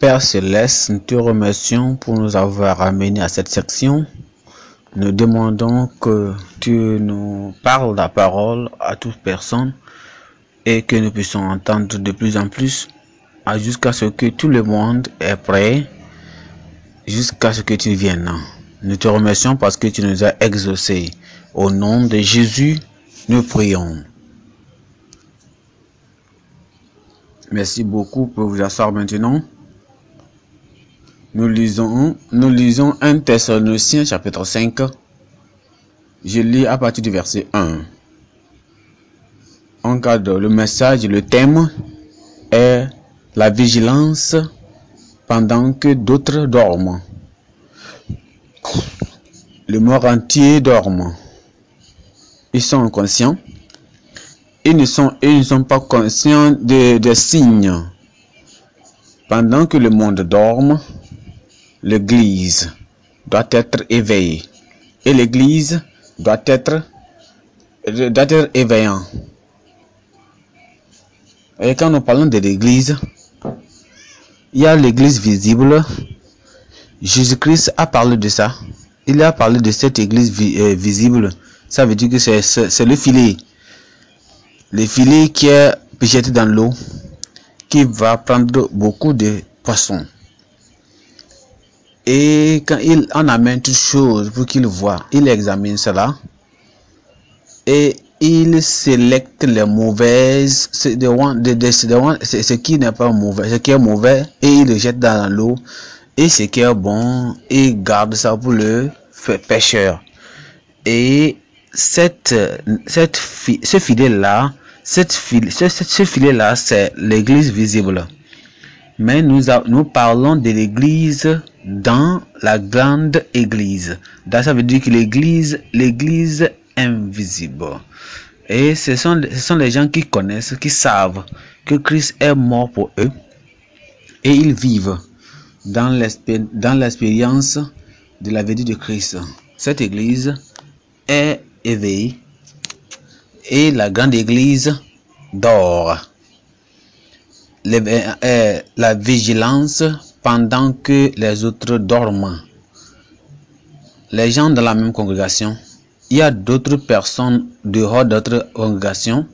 Père céleste, nous te remercions pour nous avoir amenés à cette section. Nous demandons que tu nous parles la parole à toute personne et que nous puissions entendre de plus en plus jusqu'à ce que tout le monde est prêt jusqu'à ce que tu viennes. Nous te remercions parce que tu nous as exaucés. Au nom de Jésus, nous prions. Merci beaucoup. pour vous asseoir maintenant. Nous lisons, nous lisons 1 Thessaloniciens chapitre 5. Je lis à partir du verset 1. En de le message, le thème est la vigilance pendant que d'autres dorment. Le mort entier dorment. Ils sont inconscients. Ils ne sont, ils ne sont pas conscients des signes. Pendant que le monde dorme, L'Église doit être éveillée. Et l'Église doit être, éveillant. Et quand nous parlons de l'Église, il y a l'Église visible. Jésus-Christ a parlé de ça. Il a parlé de cette Église euh, visible. Ça veut dire que c'est le filet. Le filet qui est jeté dans l'eau, qui va prendre beaucoup de poissons. Et quand il en amène toute chose pour qu'il voit, il examine cela et il sélecte les mauvaises, ce qui n'est pas mauvais, ce qui est mauvais, et il le jette dans l'eau, et ce qui est bon, il garde ça pour le pêcheur. Et cette, cette, ce filet-là, cette, ce filet-là, c'est l'église visible mais nous, nous parlons de l'Église dans la grande Église. ça veut dire que l'Église, l'Église invisible. Et ce sont, ce sont les gens qui connaissent, qui savent que Christ est mort pour eux et ils vivent dans l'expérience de la vie de Christ. Cette Église est éveillée et la grande Église dort. Euh, euh, la vigilance pendant que les autres dorment. Les gens de la même congrégation, il y a d'autres personnes dehors d'autres congrégations.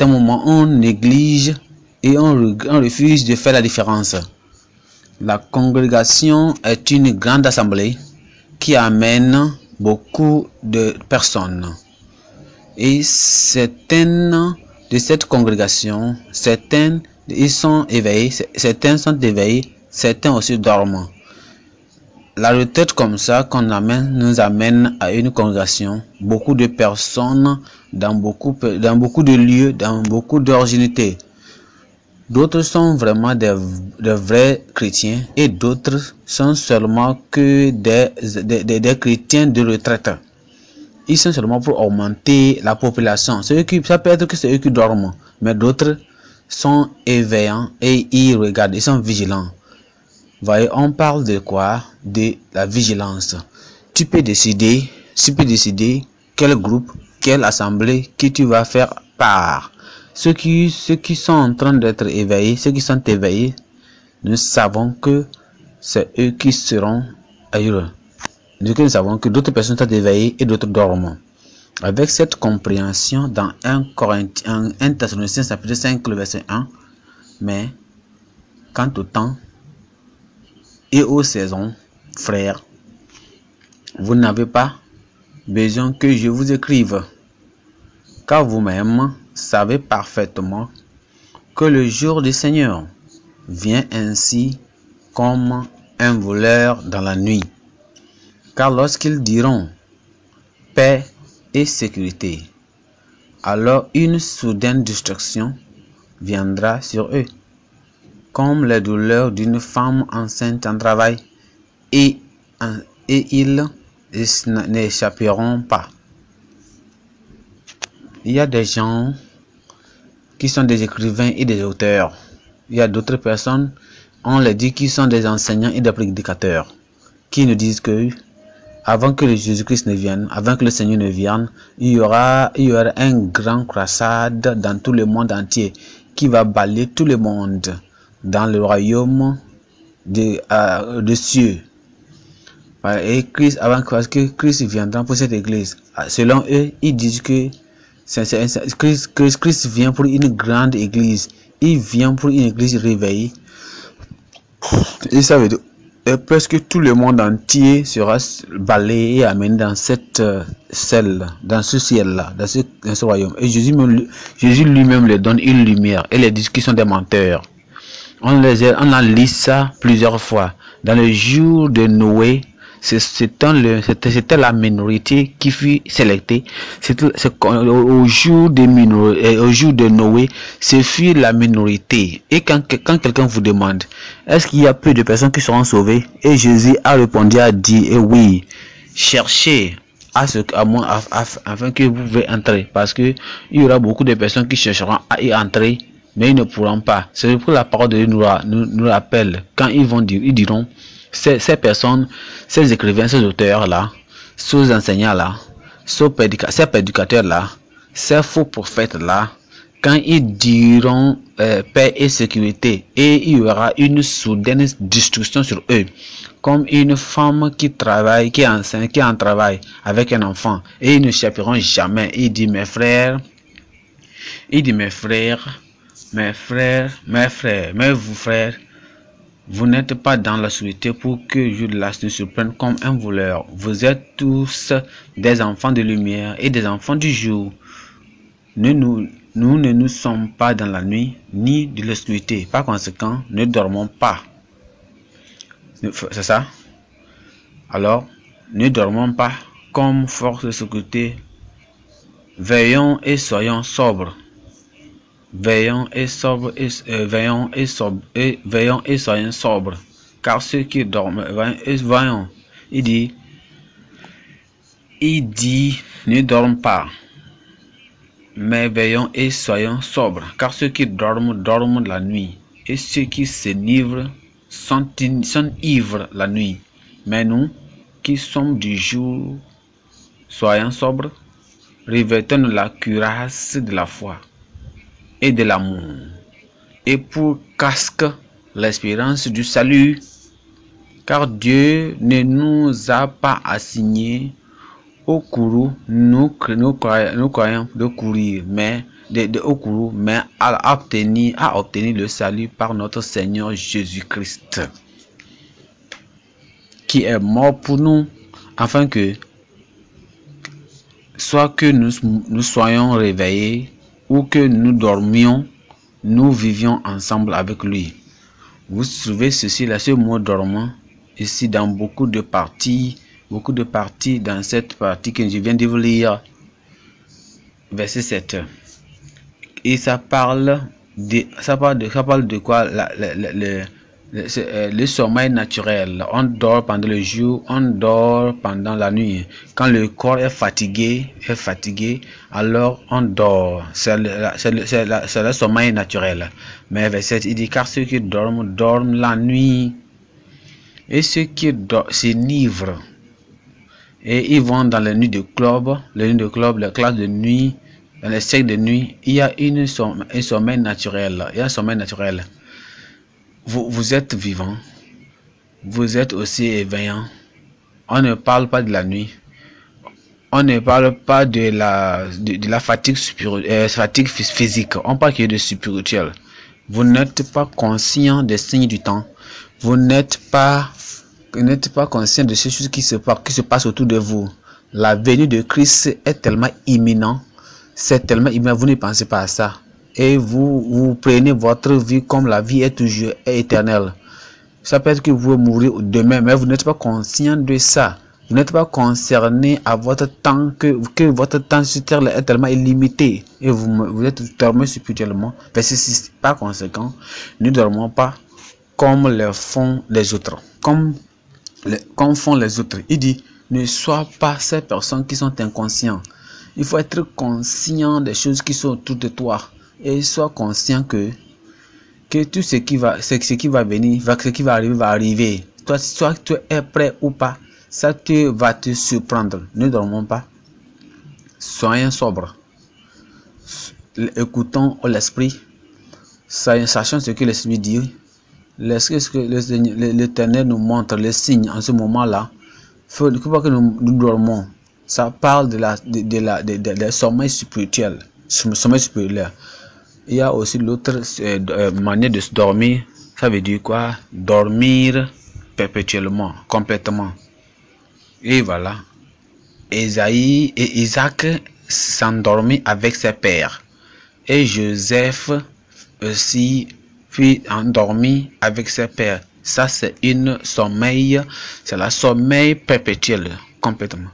moment où on néglige et on, refuse de faire la différence. La congrégation est une grande assemblée qui amène beaucoup de personnes. Et certaines de cette congrégation, certains ils sont éveillés, certains sont éveillés, certains aussi dormants. La retraite comme ça qu'on amène nous amène à une congrégation, beaucoup de personnes dans beaucoup, dans beaucoup de lieux, dans beaucoup d'originités. D'autres sont vraiment des, vrais chrétiens et d'autres sont seulement que des, des, des chrétiens de retraite. Ils sont seulement pour augmenter la population. ça peut être que ceux qui dorment, mais d'autres sont éveillants et ils regardent, ils sont vigilants. Voyez, on parle de quoi De la vigilance. Tu peux décider, tu peux décider quel groupe, quelle assemblée, qui tu vas faire part. Ceux qui, sont en train d'être éveillés, ceux qui sont éveillés, nous savons que c'est eux qui seront ailleurs nous savons que d'autres personnes sont éveillées et d'autres dorment. Avec cette compréhension dans 1 Corinthiens 1 Thessaloniciens chapitre 5 le verset 1, mais quant au temps et aux saisons, frères, vous n'avez pas besoin que je vous écrive, car vous-même savez parfaitement que le jour du Seigneur vient ainsi comme un voleur dans la nuit. Car lorsqu'ils diront paix et sécurité, alors une soudaine destruction viendra sur eux, comme les douleurs d'une femme enceinte en travail, et, et ils n'échapperont pas. Il y a des gens qui sont des écrivains et des auteurs. Il y a d'autres personnes, on les dit, qui sont des enseignants et des prédicateurs, qui ne disent que avant que Jésus-Christ ne vienne, avant que le Seigneur ne vienne, il y aura, il y aura un grand croissade dans tout le monde entier qui va balayer tout le monde dans le royaume euh, des de cieux. Et Christ, avant parce que Christ viendra pour cette église, euh, selon eux, ils disent que Christ, Christ, Christ vient pour une grande église. Il vient pour une église réveillée. Et ça veut et euh, presque tout le monde entier sera balayé et amené dans cette euh, selle, dans ce ciel-là, dans ce, royaume. Et Jésus, lui-même leur donne une lumière et les discussions des menteurs. On, les, on en lit ça plusieurs fois. Dans le jour de Noé, c'était la minorité qui fut sélectée. C'est au, jour de euh, au jour de Noé, c'est fut la minorité. Et quand, quelqu'un vous demande, est-ce qu'il y a peu de personnes qui seront sauvées Et Jésus a répondu, a dit, eh oui, cherchez à ce moi, afin que vous pouvez entrer. Parce que il y aura beaucoup de personnes qui chercheront à y entrer, mais ils ne pourront pas. C'est pour la parole de Dieu nous, nous, nous rappelle. Quand ils vont dire, ils diront, ces, personnes, ces écrivains, ces auteurs-là, ces enseignants-là, ces prédicateurs-là, ces faux prophètes-là, quand ils diront euh, paix et sécurité, et il y aura une soudaine destruction sur eux, comme une femme qui travaille, qui est enceinte, qui en travail avec un enfant, et ils ne échapperont jamais. Il dit, mes frères, il dit, mes frères, mes frères, mes frères, mes vous frères, vous n'êtes pas dans la solitude pour que Judas nous surprenne comme un voleur. Vous êtes tous des enfants de lumière et des enfants du jour. nous, nous ne nous sommes pas dans la nuit ni de la l'obscurité. Par conséquent, ne dormons pas. C'est ça Alors, ne dormons pas comme force de sécurité. Veillons et soyons sobres. Veillons et soyons veillons et sobre, veillons et soyons euh, sobres, car ceux qui dorment, veillons. Il dit, dit, ne dorment pas, mais veillons et soyons sobres, car ceux qui dorment, dorment la nuit, et ceux qui s'enivrent, sont, sont ivres la nuit. Mais nous, qui sommes du jour, soyons sobres, revêtons la cuirasse de la foi et de l'amour, et pour casque l'espérance du salut, car Dieu ne nous a pas assigné au courroux, nous, nous, croyons de courir, mais de, au courroux, mais à obtenir, à obtenir le salut par notre Seigneur Jésus-Christ, qui est mort pour nous, afin que soit que nous soyons réveillés où que nous dormions, nous vivions ensemble avec lui. Vous trouvez ceci là, ce mot dormant, ici dans beaucoup de parties, beaucoup de parties dans cette partie que je viens de vous lire, verset 7. Et ça parle de, ça parle de, ça parle de quoi la, euh, le, sommeil naturel, on dort pendant le jour, on dort pendant la nuit. Quand le corps est fatigué, est fatigué, alors on dort. C'est le, le, sommeil naturel. Mais verset, il dit car ceux qui dorment, dorment la nuit. Et ceux qui s'enivrent, et ils vont dans les nuits de club, les nuits de club, les classes de nuit, dans les siècles de nuit, il y a une, un sommeil naturel. Il y a un sommeil naturel vous, êtes vivant, vous êtes aussi éveillant. On ne parle pas de la nuit. On ne parle pas de la, fatigue, euh, physique. On parle que de spirituel. Vous n'êtes pas conscient des signes du temps. Vous n'êtes pas, n'êtes conscient de ce qui se, qui se passe autour de vous. La venue de Christ est tellement imminente. C'est tellement imminent. Vous ne pensez pas à ça et vous, prenez votre vie comme la vie est toujours éternelle. Ça peut être que vous mourrez demain, mais vous n'êtes pas conscient de ça. Vous n'êtes pas concerné à votre temps, que, que votre temps sur terre est tellement illimité et vous, vous êtes dormi spirituellement. Parce par conséquent, ne dormons pas comme le font les autres. Comme, comme font les autres. Il dit, ne sois pas ces personnes qui sont inconscientes. Il faut être conscient des choses qui sont autour de toi et sois conscient que, que tout ce qui va, ce, ce qui va venir, va, ce qui va arriver, va arriver. Toi, soit tu es prêt ou pas, ça te, va te surprendre. Ne dormons pas. Soyons sobres. Écoutons l'esprit. Sachant ce que l'esprit dit. L'éternel nous montre les signes en ce moment-là. Faut pas que nous, nous dormons. Ça parle de la, de, la, de, sommeil spirituel. Sommeil spirituel. Il y a aussi l'autre euh, manière de se dormir. Ça veut dire quoi Dormir perpétuellement, complètement. Et voilà. Esaïe et Isaac s'endormit avec ses pères. Et Joseph aussi fut endormi avec ses pères. Ça, c'est une sommeil, c'est la sommeil perpétuel, complètement.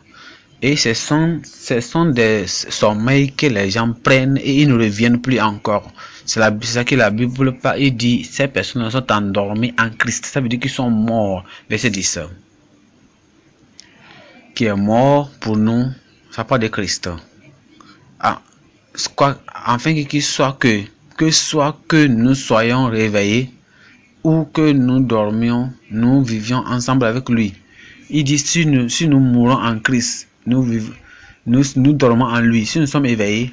Et ce sont, ce sont des sommeils que les gens prennent et ils ne reviennent plus encore. C'est ça que la Bible parle. Il dit, ces personnes sont endormies en Christ. Ça veut dire qu'ils sont morts. Verset 10. Qui est mort pour nous, ça parle de Christ. Ah, enfin qu'il soit que, que soit que nous soyons réveillés ou que nous dormions, nous vivions ensemble avec lui. Il dit, si nous, si nous mourons en Christ, nous, vivons, nous, nous dormons en lui. Si nous sommes éveillés,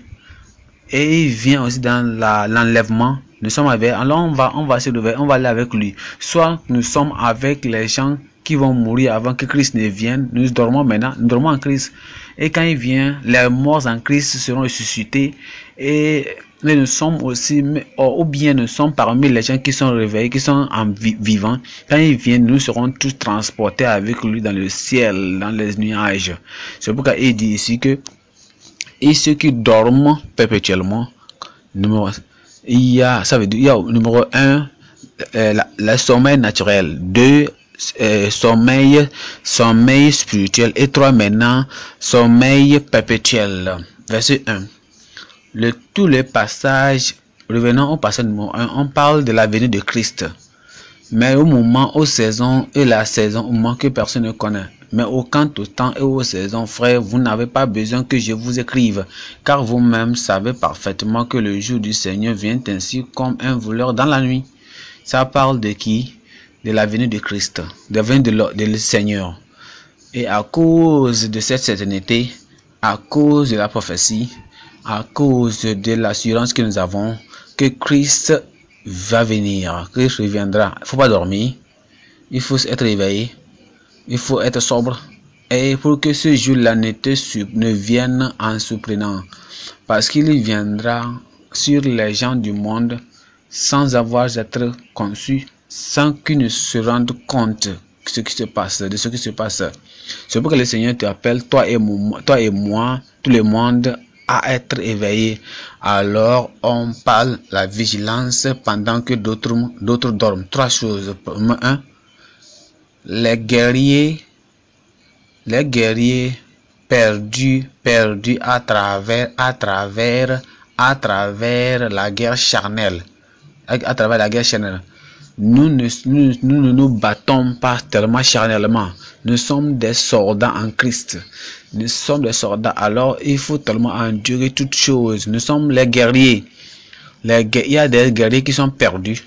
et il vient aussi dans l'enlèvement, nous sommes avec, alors on va, on va se lever, on va aller avec lui. Soit nous sommes avec les gens qui vont mourir avant que Christ ne vienne, nous dormons maintenant, nous dormons en Christ. Et quand il vient, les morts en Christ seront ressuscités et nous sommes aussi, oh, ou bien nous sommes parmi les gens qui sont réveillés, qui sont en vivant Quand il vient, nous serons tous transportés avec lui dans le ciel, dans les nuages. C'est pourquoi il dit ici que, et ceux qui dorment perpétuellement, il y a, ça veut dire, il y a numéro 1, euh, le la, sommeil naturel. 2, euh, sommeil, sommeil spirituel. Et trois maintenant, sommeil perpétuel. Verset 1. Le, les passages passage, revenons au passage numéro 1, on parle de la venue de Christ. Mais au moment, aux saisons et la saison, au moment que personne ne connaît. Mais au quant au temps et aux saisons, frère vous n'avez pas besoin que je vous écrive, car vous-même savez parfaitement que le jour du Seigneur vient ainsi comme un voleur dans la nuit. Ça parle de qui de la venue de Christ, de la venue de le, Seigneur. Et à cause de cette certainité, à cause de la prophétie, à cause de l'assurance que nous avons que Christ va venir, Christ reviendra. Il ne faut pas dormir, il faut être éveillé, il faut être sobre. Et pour que ce jour-là ne, ne, vienne en surprenant, parce qu'il viendra sur les gens du monde sans avoir été conçu sans qu'ils ne se rendent compte de ce qui se passe, de ce qui se passe. C'est pourquoi le Seigneur te appelle, toi et, moi, toi et moi, tout le monde, à être éveillé. Alors on parle la vigilance pendant que d'autres, dorment. Trois choses. Un, les guerriers, les guerriers perdus, perdus à travers, à travers, à travers la guerre charnelle. à travers la guerre charnelle. Nous ne, nous, battons pas tellement charnellement. Nous sommes des soldats en Christ. Nous sommes des soldats. Alors, il faut tellement endurer toutes choses. Nous sommes les guerriers. il y a des guerriers qui sont perdus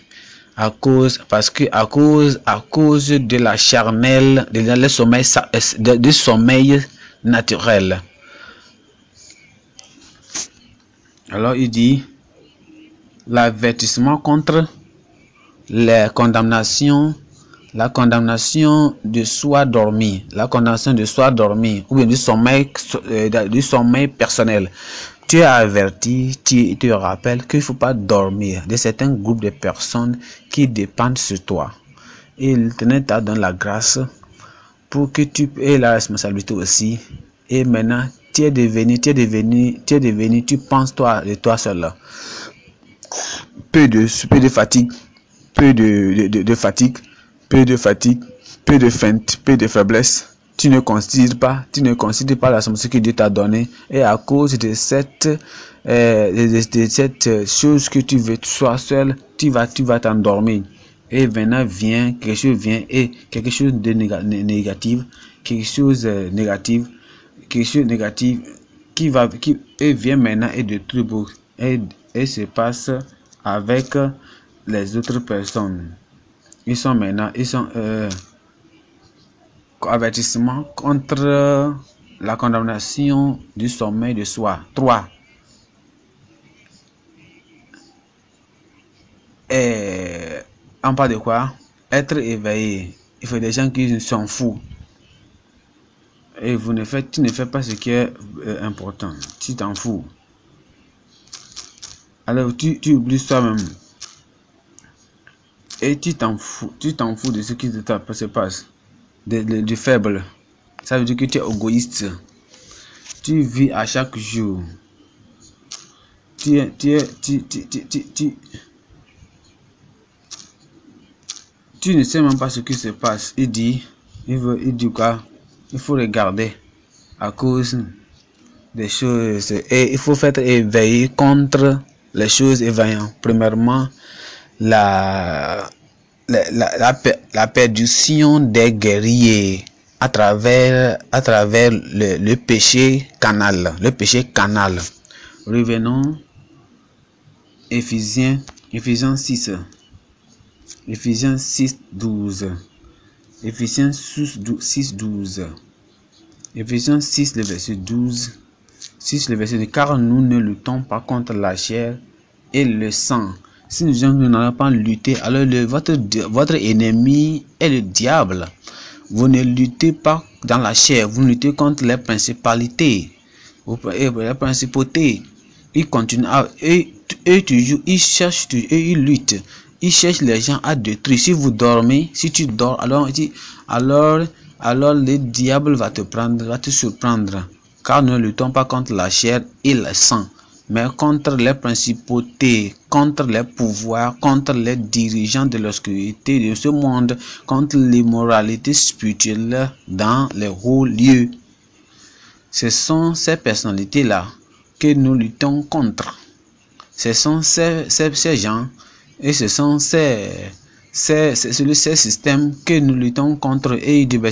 à cause parce que à cause à cause de la charnelle de, de, sommeil euh, sommeil naturel alors il dit l'avertissement contre la condamnation la condamnation de soi dormi, la condamnation de soi dormi, ou bien du sommeil, euh, personnel. Tu es averti, tu te rappelles qu'il ne faut pas dormir de certains groupes de personnes qui dépendent sur toi. Et le t'a dans la grâce pour que tu aies la responsabilité aussi. Et maintenant, tu es devenu, tu es devenu, tu es devenu, tu penses toi de toi seul. Peu de, peu de fatigue, de, fatigue, peu de fatigue, peu de feinte, peu de faiblesse. Tu ne considères pas, tu ne considères pas la somme que Dieu t'a donnée. Et à cause de cette, euh, de, cette chose que tu veux, tu sois seul, tu vas, tu vas t'endormir. Et maintenant vient, quelque chose vient, et quelque chose de négatif, quelque chose euh, négatif, quelque chose négatif, qui va, qui, et vient maintenant et détruit et, et se passe avec les autres personnes. Ils sont maintenant, ils sont euh, avertissement contre euh, la condamnation du sommeil de soi. 3. Et en pas de quoi Être éveillé. Il faut des gens qui s'en foutent. Et vous ne faites, tu ne fais pas ce qui est euh, important. Tu t'en fous. Alors tu, tu oublies toi-même et tu t'en fous, tu t'en fous de ce qui se passe, du faible. Ça veut dire que tu es égoïste. Tu vis à chaque jour. Tu es, tu es, tu, ne sais même pas ce qui se passe. Il dit, il veut, il dit Il faut regarder à cause des choses et il faut faire éveiller contre les choses éveillantes. Premièrement, la, la, la, perdition des guerriers à travers, à travers le, péché canal. Le péché canal. Revenons. Éphésiens, Éphésiens 6. Éphésiens 6, 12. Éphésiens 6, 12. Éphésiens 6, le verset 12. 6, le verset 12. Car nous ne luttons pas contre la chair et le sang, si nous n'allons pas lutter, alors votre, votre ennemi est le diable. Vous ne luttez pas dans la chair, vous luttez contre les principalités, eh, les principautés. Ils continuent à, eux, toujours, ils cherchent, ils luttent. Ils cherchent les gens à détruire. Si vous dormez, si tu dors, alors, alors, alors le diable va te prendre, va te surprendre. Car nous ne luttons pas contre la chair et le sang, mais contre les principautés, contre les pouvoirs, contre les dirigeants de l'obscurité de ce monde, contre l'immoralité spirituelle dans les hauts lieux. Ce sont ces personnalités-là que nous luttons contre. Ce sont ces, ces gens et ce sont ces c'est le système que nous luttons contre. Et il dit, il ben,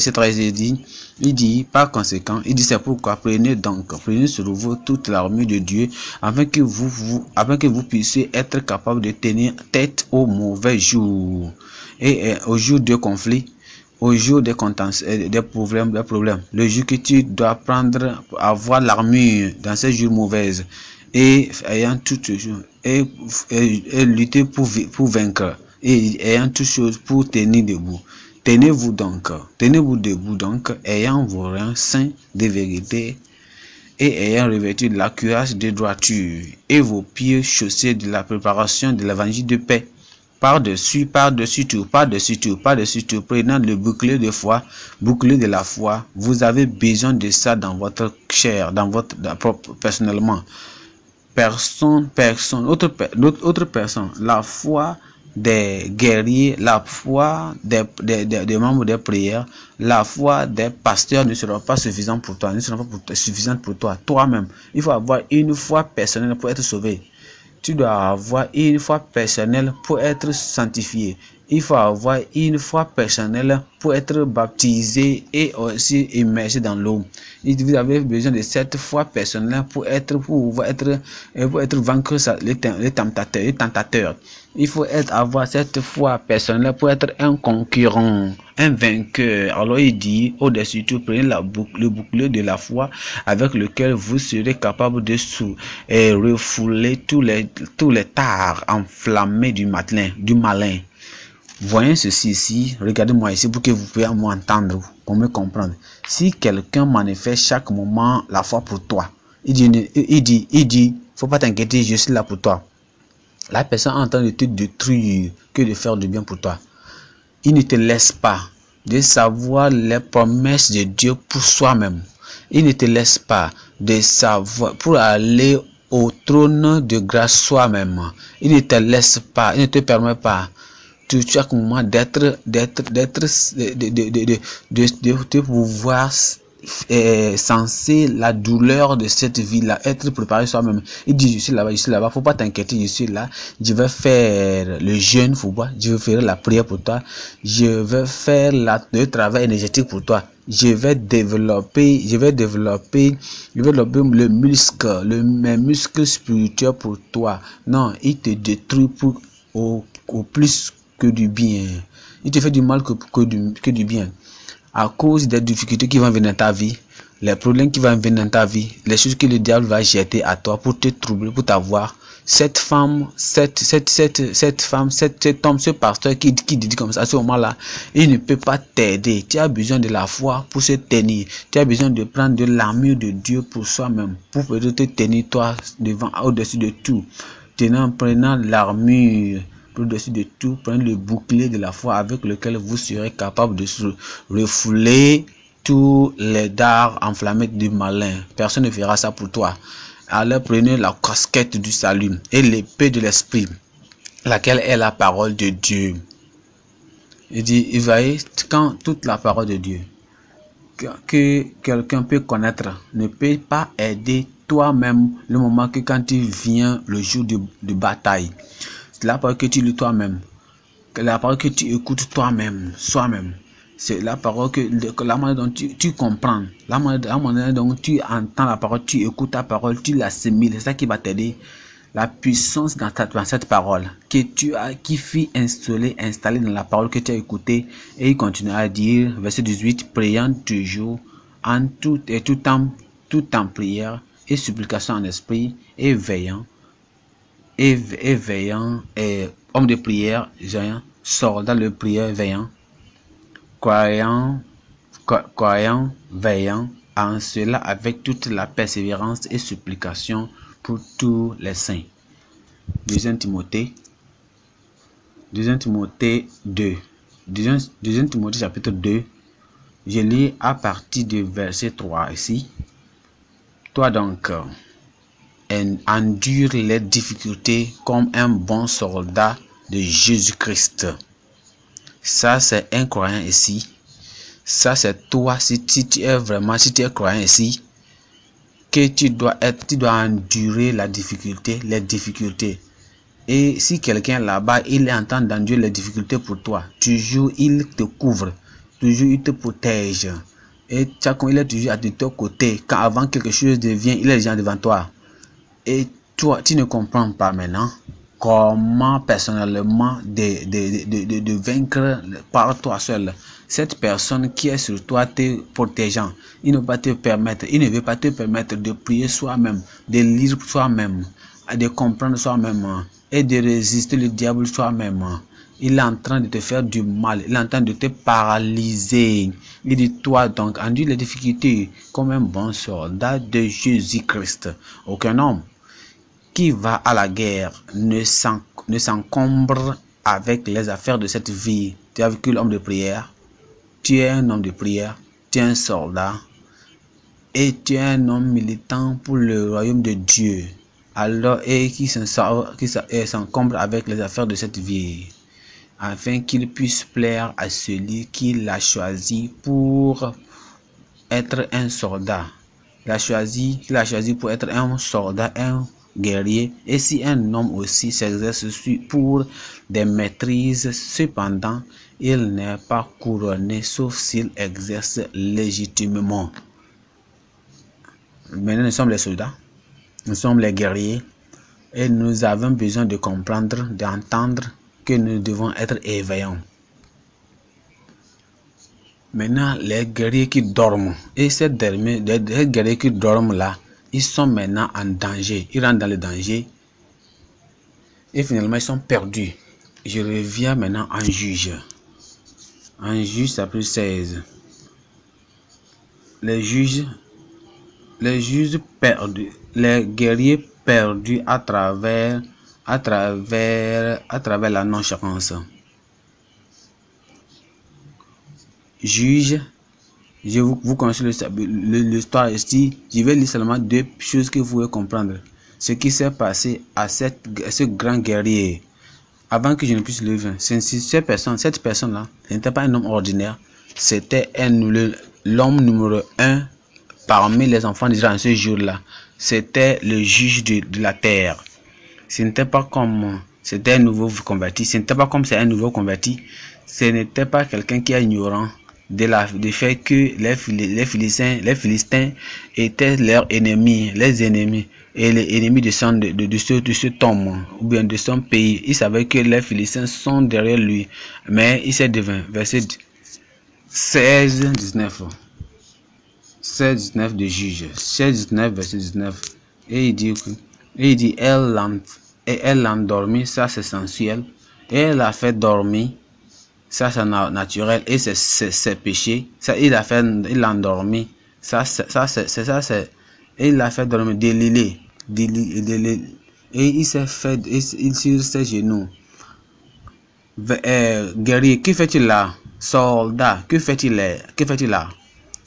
dit, il dit, par conséquent, il dit, c'est pourquoi prenez donc, prenez sur vous toute l'armée de Dieu, afin que vous, vous, afin que vous puissiez être capable de tenir tête aux mauvais jour et, aux au de conflit au jour des euh, des problèmes, des problèmes. Le jour que tu dois prendre, avoir l'armure dans ces jours mauvaises et ayant tout et, et, et lutter pour, pour vaincre et ayant toutes choses pour tenir debout. Tenez-vous donc, tenez-vous debout donc, ayant vos reins saints de vérité et ayant revêtu de la cuirasse de droiture et vos pieds chaussés de la préparation de l'évangile de paix. Par-dessus, par-dessus tout, par-dessus tout, par-dessus tout, prenant le bouclier de foi, bouclier de la foi, vous avez besoin de ça dans votre chair, dans votre propre personnellement. Personne, personne, autre, autre personne, la foi des guerriers, la foi des, membres des prières, la foi des pasteurs ne sera pas suffisante pour toi, ne sera pas suffisante pour toi, toi-même. Il faut avoir une foi personnelle pour être sauvé. Tu dois avoir une foi personnelle pour être sanctifié, il faut avoir une foi personnelle pour être baptisé et aussi immergé dans l'eau. Vous avez besoin de cette foi personnelle pour être, pour pouvoir être, euh, pour être vaincre les, tentateurs, les tentateurs. Il faut être, avoir cette foi personnelle pour être un concurrent, un vainqueur. Alors il dit, au-dessus de tout, prenez la boucle, le bouclier de la foi avec lequel vous serez capable de sous et euh, refouler tous les, tous les tares enflammés du matin, du malin. Voyez ceci ici, regardez-moi ici pour que vous puissiez m'entendre, pour me comprendre. Si quelqu'un manifeste chaque moment la foi pour toi, il dit, il dit, il dit, faut pas t'inquiéter, je suis là pour toi. La personne en de te détruire que de faire du bien pour toi. Il ne te laisse pas de savoir les promesses de Dieu pour soi-même. Il ne te laisse pas de savoir pour aller au trône de grâce soi-même. Il ne te laisse pas, il ne te permet pas chaque moment, d'être, d'être, d'être, de, de, de, pouvoir eh, senser la douleur de cette vie-là, être préparé soi-même. Il dit, je suis là-bas, je suis là-bas, faut pas t'inquiéter, je suis là, je vais faire le jeûne faut pas je vais faire la prière pour toi, je vais faire la, le travail énergétique pour toi je vais développer, je vais développer, je vais développer le muscle, le même muscle spirituel pour toi. Non, il te détruit pour au, au plus que du bien. Il te fait du mal que, que, du, que du bien. À cause des difficultés qui vont venir dans ta vie, les problèmes qui vont venir dans ta vie, les choses que le diable va jeter à toi pour te troubler, pour t'avoir. Cette femme, cette, cette, cette, femme, cette, cet homme, ce pasteur qui, qui dit comme ça à ce moment-là, il ne peut pas t'aider. Tu as besoin de la foi pour se tenir. Tu as besoin de prendre de l'armure de Dieu pour soi-même, pour te tenir toi devant, au-dessus de tout. Tenant, prenant l'armure au-dessus de tout, prenez le bouclier de la foi avec lequel vous serez capable de refouler tous les dards enflammés du malin. Personne ne fera ça pour toi. Alors prenez la casquette du salut et l'épée de l'esprit, laquelle est la parole de Dieu. Il dit, il va quand toute la parole de Dieu que quelqu'un peut connaître ne peut pas aider toi-même le moment que quand il vient le jour de bataille la parole que tu lis toi-même, que la parole que tu écoutes toi-même, soi-même. C'est la parole que, la manière dont tu, comprends, la manière, la manière, dont tu entends la parole, tu écoutes ta parole, tu l'assimiles. C'est ça qui va t'aider. La puissance dans, cette parole que tu as, qui fut installée, installée dans la parole que tu as écoutée. Et il continue à dire, verset 18, priant toujours en tout et tout temps, tout en prière et supplication en esprit et veillant et veillant, et homme de prière, Jean, soldat le prière veillant, croyant, croyant, veillant, en cela avec toute la persévérance et supplication pour tous les saints. 2 Timothée, 2 2, Timothée chapitre 2, je lis à partir du verset 3 ici. Toi donc, endure les difficultés comme un bon soldat de Jésus-Christ. Ça, c'est un croyant ici. Ça, c'est toi si tu, es vraiment, si tu es croyant ici, que tu dois être, tu dois endurer la difficulté, les difficultés. Et si quelqu'un là-bas, il est en train d'endurer les difficultés pour toi, toujours il te couvre, toujours il te protège. Et chacun, il est toujours à tes côtés. Quand avant quelque chose devient, il est déjà devant toi. Et toi, tu ne comprends pas maintenant comment personnellement de, de, de, de, vaincre par toi seul. Cette personne qui est sur toi te protégeant, il ne va te permettre, il ne veut pas te permettre de prier soi-même, de lire soi-même, de comprendre soi-même et de résister le diable soi-même. Il est en train de te faire du mal, il est en train de te paralyser. Il dit toi donc, enduis les difficultés comme un bon soldat de Jésus-Christ. Aucun homme qui va à la guerre ne s'encombre avec les affaires de cette vie. Tu as vécu l'homme de prière, tu es un homme de prière, tu es un soldat et tu es un homme militant pour le royaume de Dieu. Alors, et qui s'encombre avec les affaires de cette vie, afin qu'il puisse plaire à celui qui l'a choisi pour être un soldat. L'a choisi, choisi pour être un soldat, un guerrier et si un homme aussi s'exerce pour des maîtrises, cependant il n'est pas couronné sauf s'il exerce légitimement. Maintenant, nous sommes les soldats, nous sommes les guerriers et nous avons besoin de comprendre, d'entendre que nous devons être éveillants. Maintenant, les guerriers qui dorment, et ces guerriers qui dorment là, ils sont maintenant en danger, ils rentrent dans le danger et finalement ils sont perdus. Je reviens maintenant en juge. En juge, chapitre 16. Les juges, les juges perdus, les guerriers perdus à travers, à travers, à travers la nonchalance. Juge je vous, vous l'histoire ici. Je vais lire seulement deux choses que vous pouvez comprendre. Ce qui s'est passé à, cette, ce grand guerrier. Avant que je ne puisse le vivre, cette personne, cette personne-là, n'était pas un homme ordinaire. C'était l'homme numéro un parmi les enfants d'Israël ce jour-là. C'était le juge de, la terre. Ce n'était pas comme c'était un nouveau converti. Ce n'était pas comme c'est un nouveau converti. Ce n'était pas quelqu'un qui est ignorant de, la, de fait que les, les, Philistins, les Philistins étaient leurs ennemis, les ennemis, et les ennemis de, son, de, ce, de ou bien de son pays. Il savait que les Philistins sont derrière lui, mais il s'est devin Verset 16, 19. 16, 19 de Juge. 16, 19, verset 19. Et il dit, et il dit elle ça c'est sensuel. Et elle l'a fait dormir ça c'est naturel et c'est péché. Ça, il a fait, il l'a endormi. Ça, c'est ça, c'est. Il l'a fait dormir, délilé. Et il s'est fait, il sur ses genoux. Euh, guerrier, que fait-il là? Soldat, que fait-il là? Que fait-il là?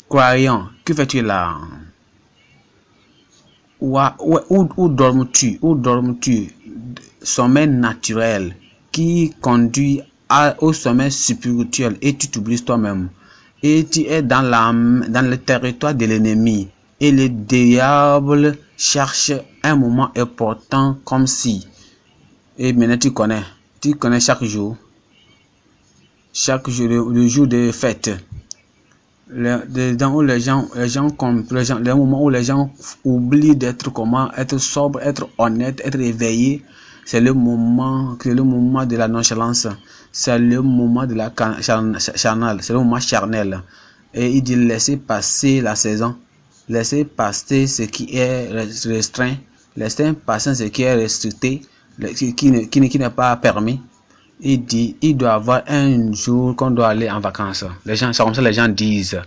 Croyant, que fais il là? Où, où, où dormes-tu? Où dormes-tu? Sommeil naturel qui conduit au sommet spirituel et tu t'oublies toi-même. Et tu es dans, la, dans le territoire de l'ennemi. Et le diable cherche un moment important comme si. Et maintenant tu connais. Tu connais chaque jour. Chaque jour, le, jour de fête. Le, moment où les gens, les gens, les moments où les gens oublient d'être comment, être sobre, être honnête, être éveillé, c'est le moment, c'est le moment de la nonchalance, c'est le moment de la charnel, c'est le moment charnel. Et il dit laissez passer la saison, laissez passer ce qui est restreint, laissez passer ce qui est restreint qui, qui, n'est pas permis. Il dit il doit avoir un jour qu'on doit aller en vacances. Les gens, c'est comme ça les gens disent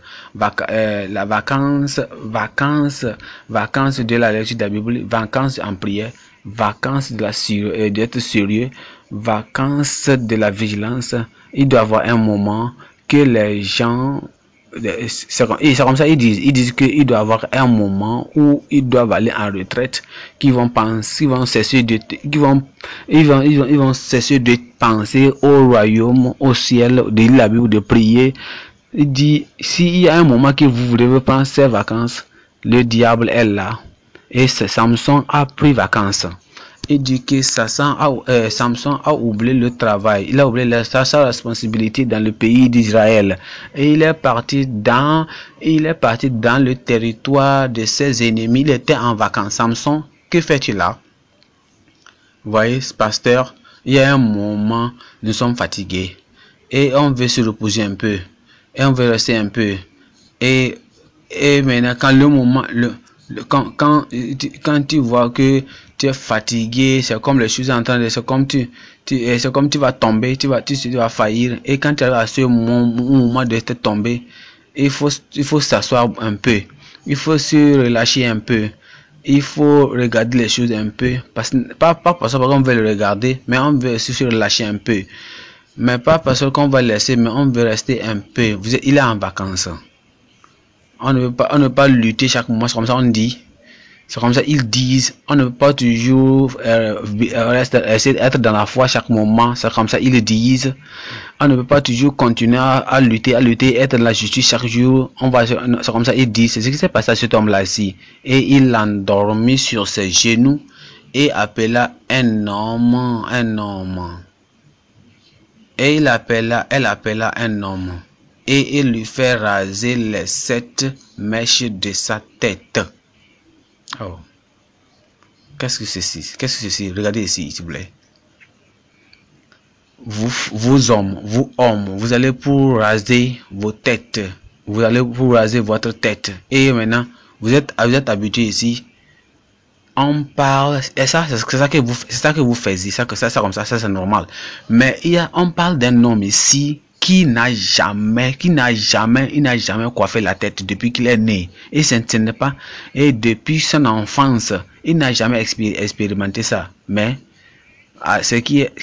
euh, la vacances, vacances, vacances de la lecture de la Bible, vacances en prière, vacances de la euh, d'être sérieux, vacances de la vigilance, il doit y avoir un moment que les gens c'est comme ça ils disent ils disent qu'il doit avoir un moment où ils doivent aller en retraite qu'ils vont penser vont cesser de vont ils vont, ils de penser au royaume au ciel de la Bible de prier il dit s'il y a un moment que vous prendre penser vacances le diable est là et Samson a pris vacances et dit que Samson a, oublié le travail, il a oublié sa, responsabilité dans le pays d'Israël. Et il est parti dans, le territoire de ses ennemis. Il était en vacances. Samson, que fais-tu là? Voyez, pasteur, il y a un moment, nous sommes fatigués et on veut se reposer un peu et on veut rester un peu. Et, et maintenant, quand le moment, le, quand, quand, quand tu vois que tu es fatigué, c'est comme les choses en train de, c'est comme tu, tu eh, c'est comme tu vas tomber, tu vas, tu, vas faillir. Et quand tu arrives à ce moment, de te tomber, il faut, il faut s'asseoir un peu, il faut se relâcher un peu, il faut regarder les choses un peu, parce pas, pas parce qu'on veut le regarder, mais on veut se relâcher un peu. Mais pas parce qu'on va laisser, mais on veut rester un peu. Vous, il est en vacances. On ne veut pas, on ne veut pas lutter chaque mois comme ça on dit c'est comme ça, ils disent, on ne peut pas toujours euh, euh, d'être dans la foi chaque moment. C'est comme ça, ils disent. On ne peut pas toujours continuer à, lutter, à lutter, être dans la justice chaque jour. On va, c'est comme ça, ils disent. C'est ce qui s'est passé à cet homme-là ci Et il l'endormit sur ses genoux et appela un homme, un homme. Et il appela, elle appela un homme. Et il lui fait raser les sept mèches de sa tête. Oh. Qu'est-ce que ceci Qu'est-ce que ceci Regardez ici, s'il vous plaît. Vous, vous hommes, vous hommes, vous allez pour raser vos têtes. Vous allez pour raser votre tête. Et maintenant, vous êtes, vous êtes habitué ici. On parle, et ça, c'est ça que vous, c'est ça que vous faites, ça, que ça, ça, comme ça, ça, c'est normal. Mais il y on parle d'un homme ici qui n'a jamais, qui n'a jamais, il n'a jamais coiffé la tête depuis qu'il est né. Et ce n'est pas, et depuis son enfance, il n'a jamais expérimenté ça. Mais, ce qui est,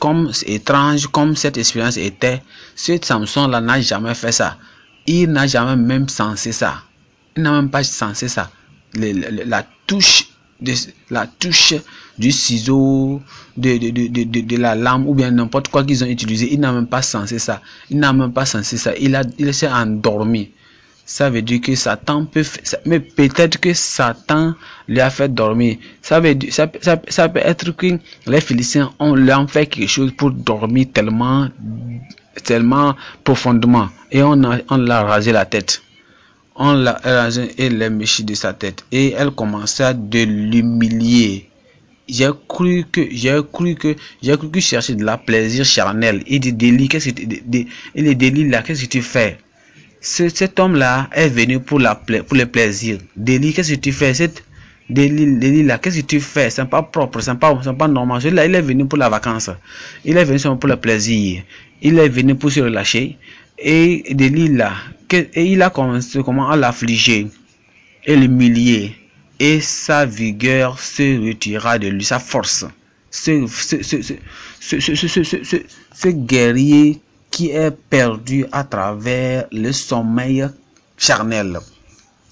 comme étrange, comme cette expérience était, ce Samson-là n'a jamais fait ça. Il n'a jamais même sensé ça. Il n'a même pas sensé ça. la touche, de, la touche du ciseau, de, de, de, de, la lame ou bien n'importe quoi qu'ils ont utilisé. Il n'a même pas sensé ça. Il n'a même pas sensé ça. Il, a, il s'est endormi. Ça veut dire que Satan peut... Mais peut-être que Satan lui a fait dormir. Ça, veut dire, ça, ça, ça, peut être que les Philistins ont leur fait quelque chose pour dormir tellement, tellement profondément. Et on, a, on l'a rasé la tête on l'a rasé et les méchis de sa tête. Et elle commença de l'humilier j'ai cru que j'ai cru que j'ai cru que chercher de la plaisir charnel et des délits qu'est-ce que et les délits là qu'est-ce que tu fais cet homme là est venu pour la pour le plaisir délits qu'est-ce que tu fais cette délit, délit là qu'est-ce que tu fais c'est pas propre c'est pas c'est pas normal là il est venu pour la vacance il est venu seulement pour le plaisir il est venu pour se relâcher et délit là et il a commencé comment à l'affliger et l'humilier et sa vigueur se retira de lui, sa force. Ce, ce, guerrier qui est perdu à travers le sommeil charnel.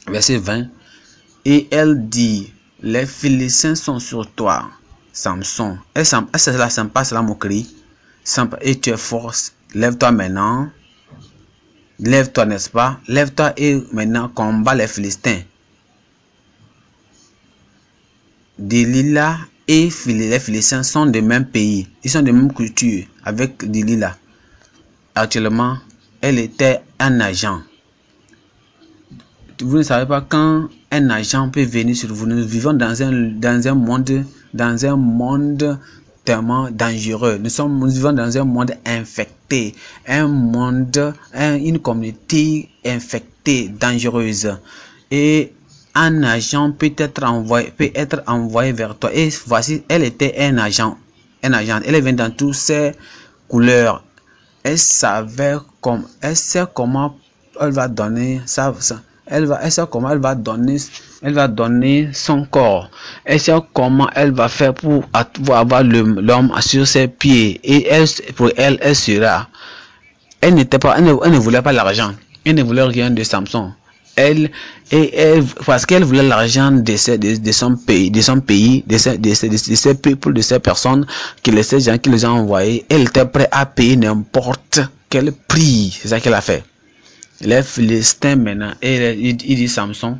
Verset 20. Et elle dit, les Philistins sont sur toi, Samson. Et c'est la sympa, la moquerie. Et tu es force lève-toi maintenant. Lève-toi, n'est-ce pas? Lève-toi et maintenant combat les Philistins. des Lilas et les Philistins sont des mêmes pays, ils sont de même culture avec lilas Actuellement, elle était un agent. Vous ne savez pas quand un agent peut venir sur vous. Nous vivons dans un, dans un monde, dans un monde tellement dangereux. Nous, sommes, nous vivons dans un monde infecté, un monde, une communauté infectée, dangereuse. Et un agent peut être envoyé, peut être envoyé vers toi. Et voici, elle était un agent. Un agent. Elle vient dans toutes ses couleurs. Elle savait comme, elle sait comment elle va donner ça. elle va, elle sait comment elle va donner, elle va donner son corps. Elle sait comment elle va faire pour avoir l'homme sur ses pieds. Et elle, pour elle, elle sera. Elle pas, ne, elle ne voulait pas l'argent. Elle ne voulait rien de Samson elle et parce qu'elle voulait l'argent de, de, son pays, de son pays, de ses, de, de, ses, de ces personnes qui les gens qui les ont envoyés, elle était prête à payer n'importe quel prix. C'est ça qu'elle a fait. Les Philistins maintenant, et il, dit Samson,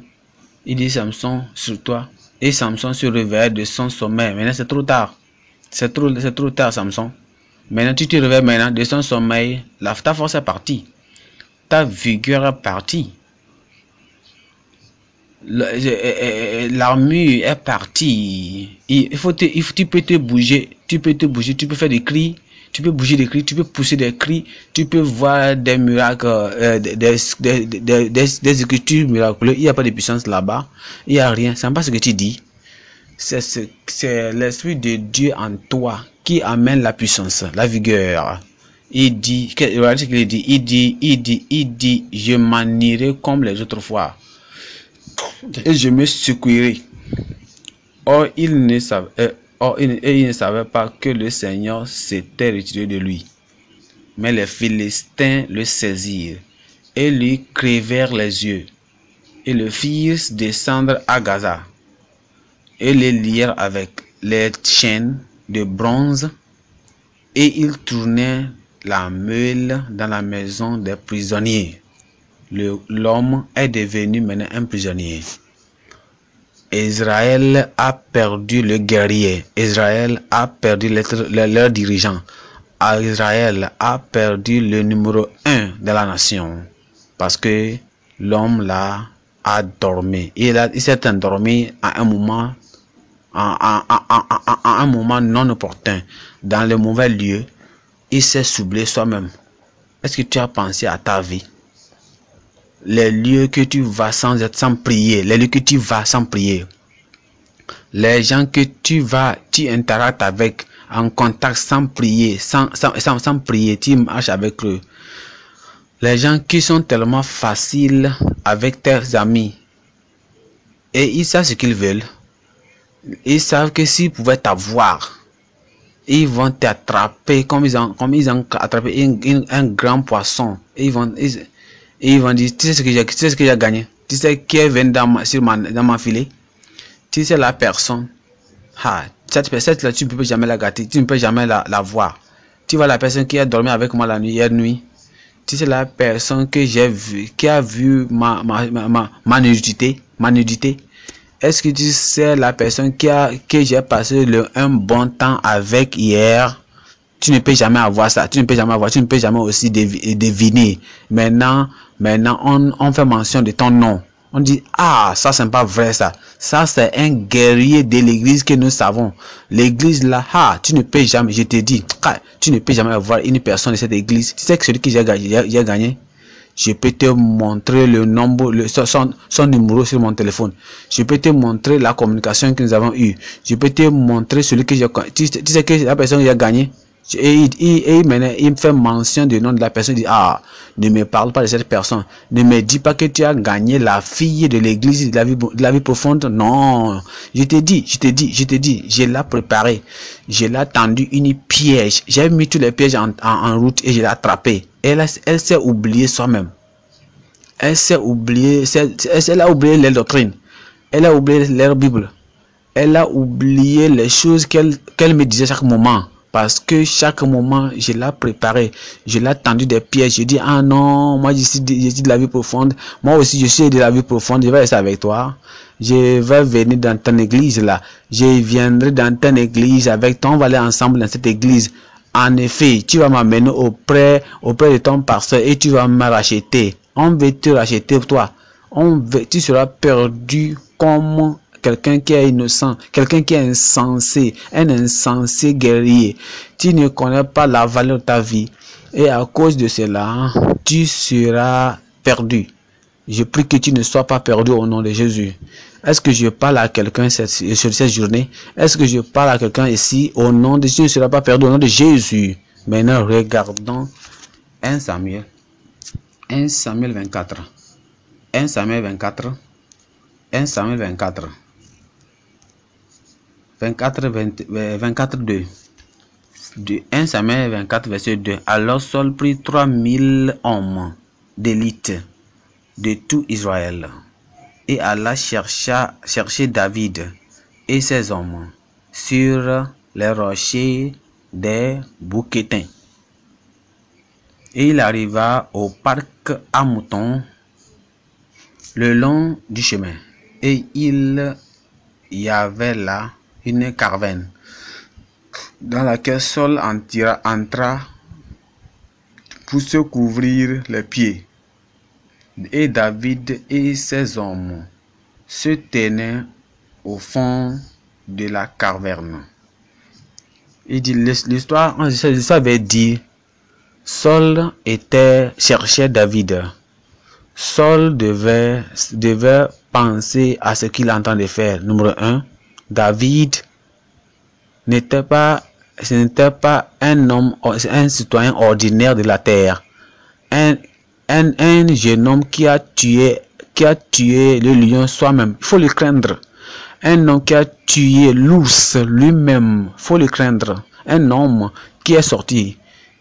il dit Samson sur toi. Et Samson se réveille de son sommeil. Maintenant c'est trop tard. C'est trop, c'est trop tard Samson. Maintenant tu te réveilles maintenant de son sommeil. ta force est partie. Ta vigueur est partie eh, eh, eh, l'armure est partie. Il faut, te, tu peux te bouger, tu peux te bouger, tu peux faire des cris, tu peux bouger des cris, tu peux pousser des cris, tu peux voir des miracles, euh, des, écritures miraculeuses. Il n'y a pas de puissance là-bas. Il n'y a rien. C'est pas ce que tu dis. C'est l'Esprit de Dieu en toi qui amène la puissance, la vigueur. Il dit, ce qu'il dit, il dit, il dit, il dit, je manierai comme les autres fois et je me secouerai. Or, il ne savait, euh, il ne savait pas que le Seigneur s'était retiré de lui. Mais les Philistins le saisirent et lui crevèrent les yeux et le firent descendre à Gaza et les lièrent avec les chaînes de bronze et ils tournaient la meule dans la maison des prisonniers l'homme est devenu maintenant un prisonnier. Israël a perdu le guerrier. Israël a perdu leur dirigeant. Israël a perdu le numéro un de la nation. Parce que l'homme là a dormi. Il, s'est endormi à un moment, à, un moment non opportun, dans le mauvais lieu. Il s'est soublé soi-même. Est-ce que tu as pensé à ta vie? les lieux que tu vas sans être sans prier, les lieux que tu vas sans prier, les gens que tu vas, tu interactes avec en contact sans prier, sans, sans, prier, tu marches avec eux. Les gens qui sont tellement faciles avec tes amis et ils savent ce qu'ils veulent. Ils savent que s'ils pouvaient t'avoir, ils vont t'attraper comme ils ont, comme ils ont attrapé un, grand poisson. Ils vont, et ils vont dire, tu sais ce que j'ai, tu sais ce que j'ai gagné. Tu sais qui est venu dans ma, ma, filet. Tu sais la personne. Ah, cette personne-là, tu ne peux jamais la gâter. Tu ne peux jamais la, voir. Tu vois la personne qui a dormi avec moi la nuit, hier nuit. Tu sais la personne que j'ai vue, qui a vu ma, ma, ma, ma nudité. Ma nudité. Est-ce que tu sais la personne qui a, que j'ai passé le, un bon temps avec hier? tu ne peux jamais avoir ça, tu ne peux jamais avoir, tu ne peux jamais aussi euh, deviner. Maintenant, maintenant, on, fait mention de ton nom. On dit, ah, ça c'est pas vrai ça. Ça c'est un guerrier de l'église que nous savons. L'église là, ah, tu ne peux jamais, je te dis, ah, tu ne peux jamais avoir une personne de cette église. Tu sais que celui qui j'ai gagné, je peux te montrer le nombre, le, son, numéro sur mon téléphone. Je peux te montrer la communication que nous avons eue. Je peux te montrer celui que j'ai, tu, tu sais que la personne qui a gagné, et il, me fait mention du nom de la personne, dit, ah, ne me parle pas de cette personne, ne me dis pas que tu as gagné la fille de l'église, de, la vie, de la vie profonde, non, je t'ai dit, je t'ai dit, je t'ai dit, je l'ai préparé, je l'ai tendu une piège, j'ai mis tous les pièges en, route et je l'ai attrapé. Elle, s'est oubliée soi-même, elle s'est oubliée, elle, a oublié les doctrines, elle a oublié leur Bible, elle a oublié les choses qu'elle me disait chaque moment. Parce que chaque moment, je l'ai préparé. Je l'ai tendu des pièces. Je dis, ah non, moi, je suis, de, la vie profonde. Moi aussi, je suis de la vie profonde. Je vais rester avec toi. Je vais venir dans ton église là. Je viendrai dans ton église avec toi. On va aller ensemble dans cette église. En effet, tu vas m'amener auprès, auprès de ton pasteur et tu vas me racheter. On veut te racheter, toi. tu seras perdu comme quelqu'un qui est innocent, quelqu'un qui est insensé, un insensé guerrier. Tu ne connais pas la valeur de ta vie. Et à cause de cela, tu seras perdu. Je prie que tu ne sois pas perdu au nom de Jésus. Est-ce que je parle à quelqu'un sur cette journée Est-ce que je parle à quelqu'un ici Au nom de Jésus, tu ne seras pas perdu au nom de Jésus. Maintenant, regardons 1 Samuel. 1 Samuel 24. 1 Samuel 24. 1 Samuel 24. 24-2. Euh, du 1 Samuel 24, verset 2. Alors Saul prit 3000 hommes d'élite de tout Israël et alla chercha, chercher David et ses hommes sur les rochers des Bouquetins. Et il arriva au parc à moutons le long du chemin. Et il y avait là une caverne, dans laquelle Saul entra pour se couvrir les pieds. Et David et ses hommes se tenaient au fond de la caverne. et dit l'histoire, ça veut dire Saul était cherchait David. Saul devait, devait penser à ce qu'il entendait faire, numéro un. David n'était pas, ce n'était pas un homme, un citoyen ordinaire de la terre, un, un, jeune homme qui a tué, qui a tué le lion soi-même. Il faut le craindre. Un homme qui a tué l'ours lui-même, faut le craindre. Un homme qui est sorti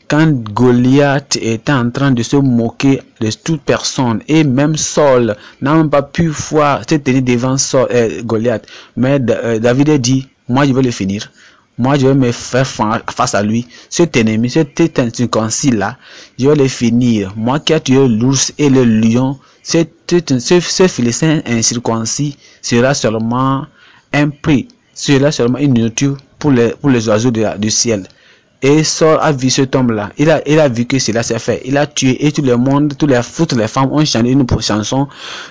quand Goliath était en train de se moquer de toute personne, et même Saul n'a même pas pu voir se tenir devant Saul, euh, Goliath, mais euh, David a dit, moi je vais le finir. Moi, je vais me faire face à lui. Cet ennemi, cet inconcis-là, je vais le finir. Moi qui ai tué l'ours et le lion, cet, ce, ce Philistin incirconcis sera seulement un prix, sera seulement une nourriture pour les, pour les oiseaux du ciel et Saul a vu cet homme-là. Il a, il a vu que cela s'est fait. Il a tué et tout le monde, toutes les, les femmes ont chanté une chanson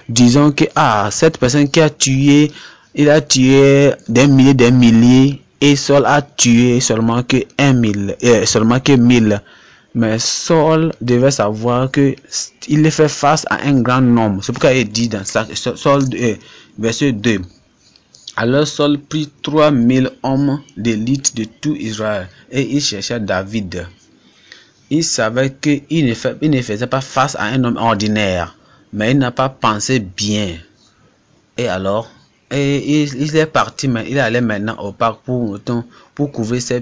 disant que ah, cette personne qui a tué, il a tué des milliers, des milliers et Saul a tué seulement que un mille, euh, seulement que mille. Mais Saul devait savoir que il fait face à un grand nombre. C'est pourquoi il dit dans Saul, euh, verset 2. Alors Saul prit 3000 hommes d'élite de tout Israël et il cherchaient David. Il savait qu'il ne, ne faisait pas face à un homme ordinaire, mais il n'a pas pensé bien. Et alors, et il, il, est parti, mais il allait maintenant au parc pour, pour couvrir ses,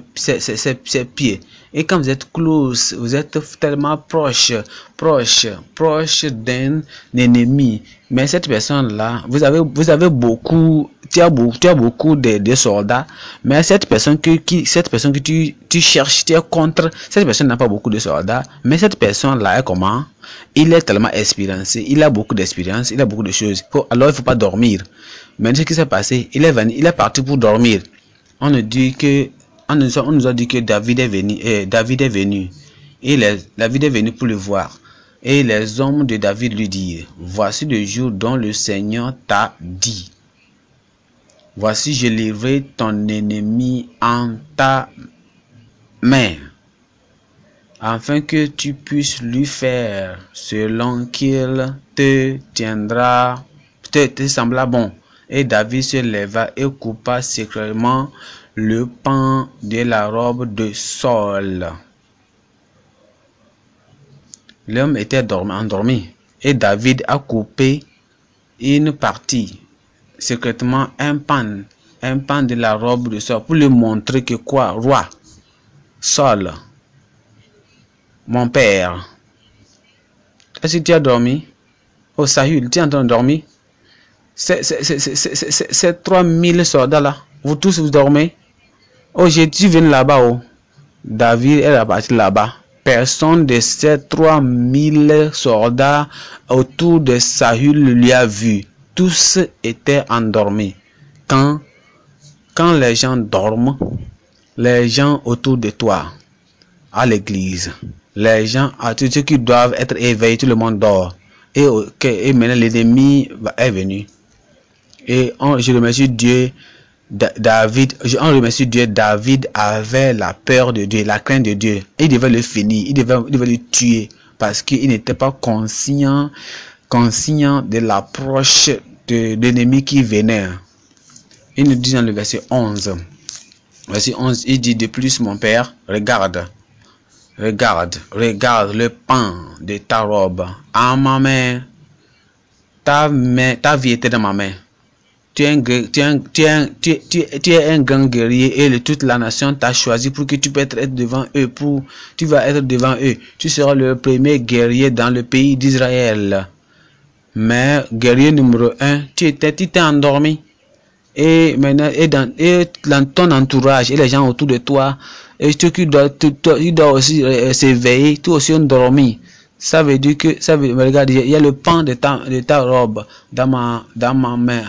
pieds. Et quand vous êtes close, vous êtes tellement proche, proche, proche d'un ennemi. Mais cette personne-là, vous avez, vous avez beaucoup tu as, beaucoup, beaucoup de, soldats, mais cette personne que, qui, cette personne que tu, cherches, tu es contre, cette personne n'a pas beaucoup de soldats, mais cette personne-là est comment Il est tellement expérimenté, il a beaucoup d'expérience, il a beaucoup de choses. alors, il faut pas dormir. Mais ce qui s'est passé, il est, venu, il est parti pour dormir. On nous, dit que, on nous, a, dit que David est venu. Euh, David est venu. Et les, David est venu pour le voir. Et les hommes de David lui dirent, voici le jour dont le Seigneur t'a dit Voici, je livrerai ton ennemi en ta main, afin que tu puisses lui faire selon qu'il te tiendra, te, te sembla bon. Et David se leva et coupa secrètement le pan de la robe de Saul. L'homme était endormi et David a coupé une partie secrètement un pan, un pan de la robe de soeur pour lui montrer que quoi, roi, sol, mon père. Est-ce que tu as dormi Oh Sahul, tu es en train de dormir Ces 3000 soldats-là, vous tous vous dormez Oh jai dû venir là-bas, oh. David est parti là-bas. Personne de ces 3000 soldats autour de Sahul lui a vu tous étaient endormis. Quand, quand les gens dorment, les gens autour de toi, à l'église, les gens, à tous ceux qui doivent être éveillés, tout le monde dort. Et, et maintenant l'ennemi est venu. Et on, je remercie Dieu, David, je remercie Dieu, David avait la peur de Dieu, la crainte de Dieu. Il devait le finir, il devait, il devait le tuer parce qu'il n'était pas conscient consigne de l'approche de, qui venait. Il nous dit dans le verset 11. Verset 11, il dit de plus, mon père, regarde, regarde, regarde le pan de ta robe à ma main. Ta, ta vie était dans ma main. Tu es, un, grand guerrier et toute la nation t'a choisi pour que tu puisses être devant eux, pour tu vas être devant eux. Tu seras le premier guerrier dans le pays d'Israël. Mais guerrier numéro un, tu étais, t'es endormi. Et maintenant, dans, ton entourage et les gens autour de toi, et ceux qui doivent, aussi euh, euh, s'éveiller, tout aussi endormi. Ça veut dire que, ça veut, regarde, il y a le pan de ta, robe dans ma, dans main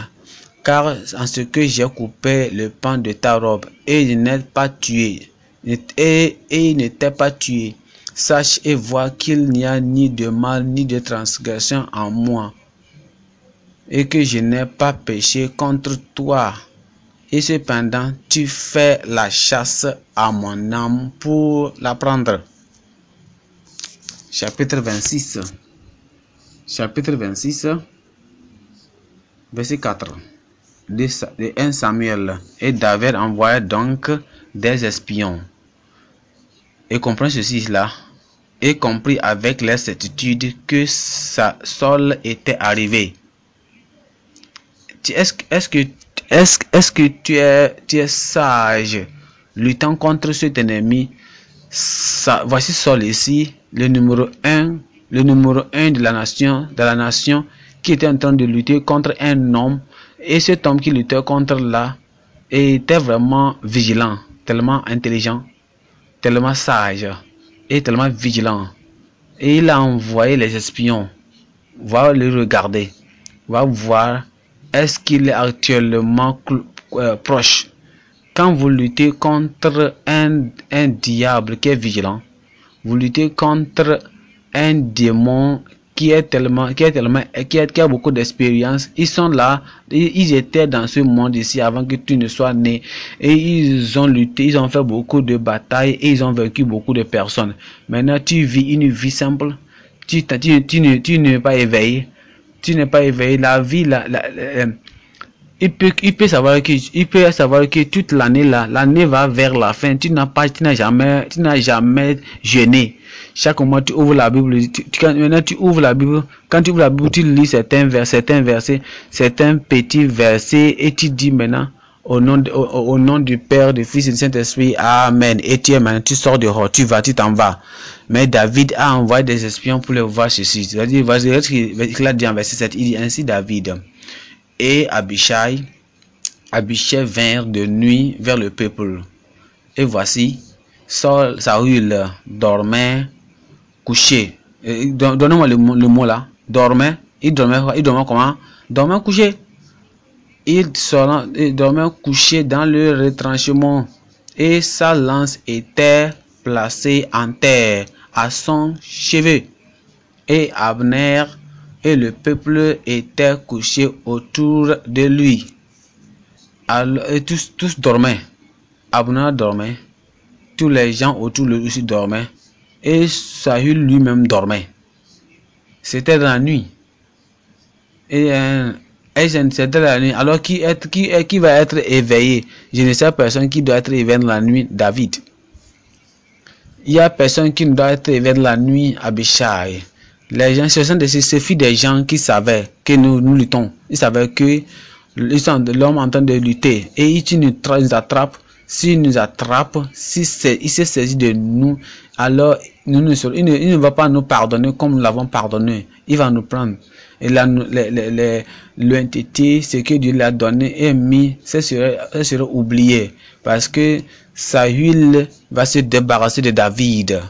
car en ce que j'ai coupé le pan de ta robe, et il n'est pas tué, et il n'était pas tué sache et vois qu'il n'y a ni de mal ni de transgression en moi, et que je n'ai pas péché contre toi. Et cependant, tu fais la chasse à mon âme pour la prendre. Chapitre 26. Chapitre 26, verset 4 de 1 Samuel. Et David envoya donc des espions. Et comprends ceci là et compris avec la certitude que sa sol était arrivé. Est-ce que, est que tu es, sage luttant contre cet ennemi ça, Voici Sol ici, le numéro 1, le numéro 1 de la nation, de la nation qui était en train de lutter contre un homme et cet homme qui luttait contre là était vraiment vigilant, tellement intelligent, tellement sage est tellement vigilant. Et il a envoyé les espions. Va les regarder. Va voir est-ce qu'il est actuellement euh, proche. Quand vous luttez contre un, un diable qui est vigilant, vous luttez contre un démon qui est tellement, qui est tellement, qui, a beaucoup d'expérience. Ils sont là, ils étaient dans ce monde ici avant que tu ne sois né. Et ils ont lutté, ils ont fait beaucoup de batailles et ils ont vaincu beaucoup de personnes. Maintenant, tu vis une vie simple. Tu, tu, tu, tu, tu n'es pas éveillé. Tu n'es pas éveillé. La vie, la il peut, il peut savoir que, il peut savoir que toute l'année là, l'année va vers la fin. Tu n'as pas, tu n'as jamais, tu n'as jamais jeûné. Chaque mois, tu ouvres la Bible. Tu, quand, maintenant, tu ouvres la Bible. Quand tu ouvres la Bible, tu lis certains versets, certains versets, certains petits versets, et tu dis maintenant, au nom, au, nom du Père, du Fils et du Saint-Esprit, Amen. Et tu es maintenant, tu sors dehors, tu vas, tu t'en vas. Mais David a envoyé des espions pour le voir ceci. cest dire il a dit en verset 7, il dit ainsi David. Et Abishai, Abishai vint de nuit vers le peuple. Et voici, Saul, Saul dormait couché. Euh, donnez-moi le, mot là. Dormait. Il dormait, il dormait comment Dormait couché. Il, dormait couché dans le retranchement. Et sa lance était placée en terre à son cheveu Et Abner et le peuple était couché autour de lui. et tous, dormaient. Abna dormait. Tous les gens autour de lui aussi dormaient. Et Saül lui-même dormait. C'était la nuit. Et, euh, c'était la nuit. Alors qui, est, qui, va être éveillé Je ne sais personne qui doit être éveillé la nuit. David. Il y a personne qui ne doit être éveillé la nuit. Abishai. Les gens sont de ce des gens qui savaient que nous, nous luttons. Ils savaient que l'homme en train de lutter. Et ils nous, nous attrape, s'il nous attrape, s'il se saisit de nous, alors nous, il, ne, ne, va pas nous pardonner comme nous l'avons pardonné. Il va nous prendre. Et là, l'entité, ce que Dieu l'a donné et mis, ce serait, oublié. Parce que sa huile va se débarrasser de David.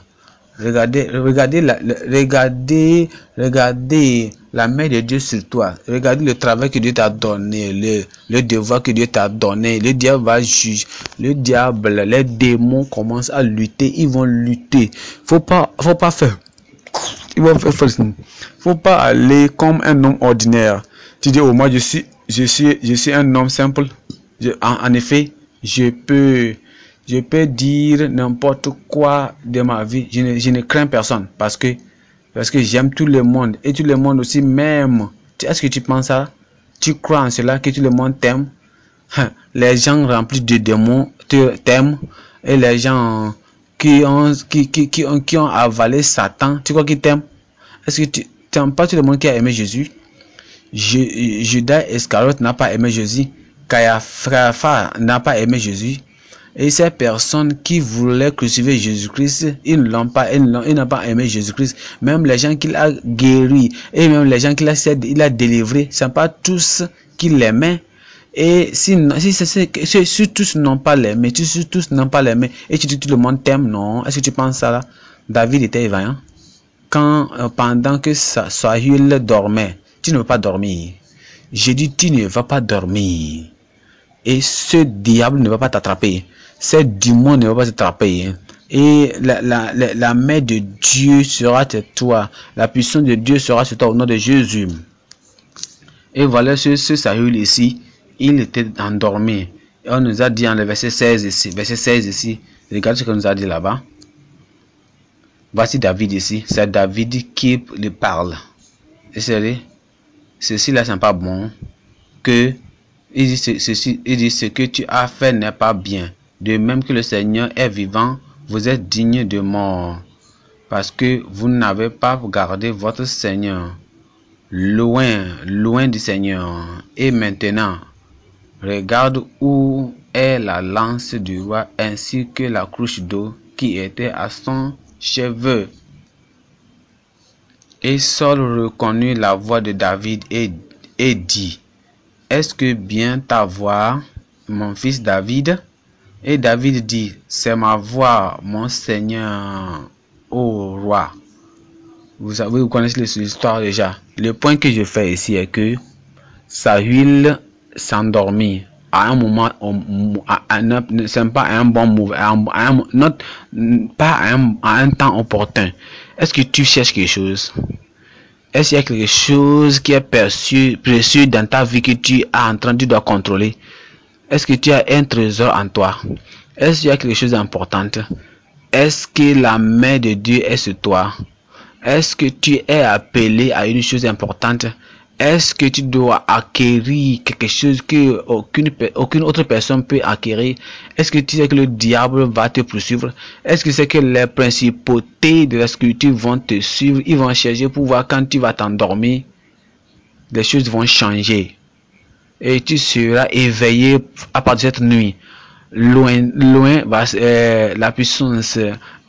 Regardez, regardez, la, regardez, regardez la main de Dieu sur toi. Regardez le travail que Dieu t'a donné, le, le, devoir que Dieu t'a donné. Le diable va juger. Le diable, les démons commencent à lutter. Ils vont lutter. Faut pas, faut pas faire. Il vont Faut pas aller comme un homme ordinaire. Tu dis, oh, moi, je suis, je suis, je suis un homme simple. en effet, je peux, je peux dire n'importe quoi de ma vie. Je ne, crains personne parce que, parce que j'aime tout le monde et tout le monde aussi même... Est-ce que tu penses ça? Tu crois en cela que tout le monde t'aime? Hein, les gens remplis de démons t'aiment et les gens qui ont, qui, qui, ont, avalé Satan, tu crois qu'ils t'aiment? Est-ce que tu n'aimes pas tout le monde qui a aimé Jésus? Judas Iscariot n'a pas aimé Jésus. Caiaphas n'a pas aimé Jésus. Et ces personnes qui voulaient crucifier Jésus-Christ, ils ne l'ont pas, n'ont pas aimé Jésus-Christ. Même les gens qu'il a guéris et même les gens qu'il a, il a délivrés, ce n'est pas tous qui l'aimaient. Et si, si, tous n'ont pas l'aimé, si tous n'ont pas l'aimé, et tu dis tout le monde t'aime, non, est-ce que tu penses ça là David était vaillant. Quand, euh, pendant que Saül dormait, tu ne veux pas dormir. J'ai dit, tu ne vas pas dormir. Et ce diable ne va pas t'attraper. Ces démon ne va pas se trapper hein. Et la, main de Dieu sera sur toi. La puissance de Dieu sera sur toi au nom de Jésus. Et voilà ce, ça Saül ici. Il était endormi. on nous a dit en le verset 16 ici. Verset 16 ici. Regarde ce qu'on nous a dit là-bas. Voici David ici. C'est David qui lui parle. Et c'est ceci là, n'est pas bon. Que ceci, il dit ce que tu as fait n'est pas bien de même que le Seigneur est vivant, vous êtes digne de mort, parce que vous n'avez pas gardé votre Seigneur. Loin, loin du Seigneur. Et maintenant, regarde où est la lance du roi ainsi que la cruche d'eau qui était à son cheveu. Et Saul reconnut la voix de David et, et dit, Est-ce que bien ta voix, mon fils David et David dit, c'est ma voix, mon Seigneur, ô roi. Vous, savez, vous connaissez l'histoire déjà. Le point que je fais ici est que sa huile s'endormit. À un moment, ce n'est pas un bon move, pas un, temps opportun. Est-ce que tu cherches quelque chose Est-ce qu'il y a quelque chose qui est perçu, dans ta vie que tu as entendu, train, tu contrôler est-ce que tu as un trésor en toi Est-ce qu'il y a quelque chose d'important Est-ce que la main de Dieu est sur toi Est-ce que tu es appelé à une chose importante est-ce que tu dois acquérir quelque chose que aucune, autre personne peut acquérir Est-ce que tu sais que le diable va te poursuivre Est-ce que c'est que les principautés de la sculpture vont te suivre Ils vont chercher pour voir quand tu vas t'endormir. Les choses vont changer et tu seras éveillé à partir de cette nuit. Loin, loin va euh, la puissance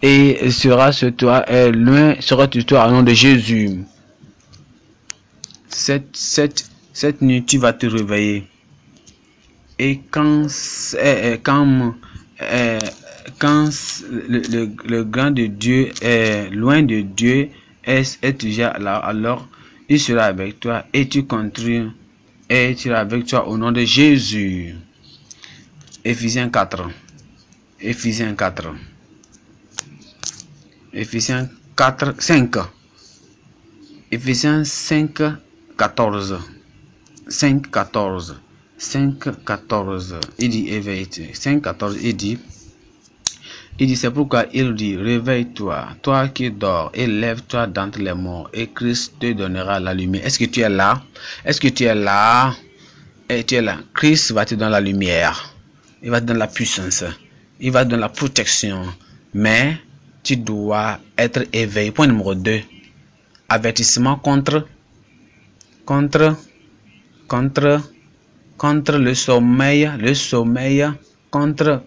et sera sur toi, et euh, loin sera sur toi au nom de Jésus. Cette, cette, cette nuit, tu vas te réveiller. Et quand, euh, quand, quand le, grand de Dieu est loin de Dieu, est, est déjà là, alors il sera avec toi et tu construis tu es avec toi au nom de Jésus. Éphésiens 4. Éphésiens 4. Éphésiens 4, 5. Éphésiens 5, 14. 5, 14. 5, 14. Il dit, 5, eh 14, il dit, il dit, c'est pourquoi il dit, réveille-toi, toi qui dors, élève toi d'entre les morts, et Christ te donnera la lumière. Est-ce que tu es là? Est-ce que tu es là? Et eh, tu es là. Christ va te donner la lumière. Il va te donner la puissance. Il va te donner la protection. Mais tu dois être éveillé. Point numéro 2. Avertissement contre, contre, contre, contre le sommeil, le sommeil contre,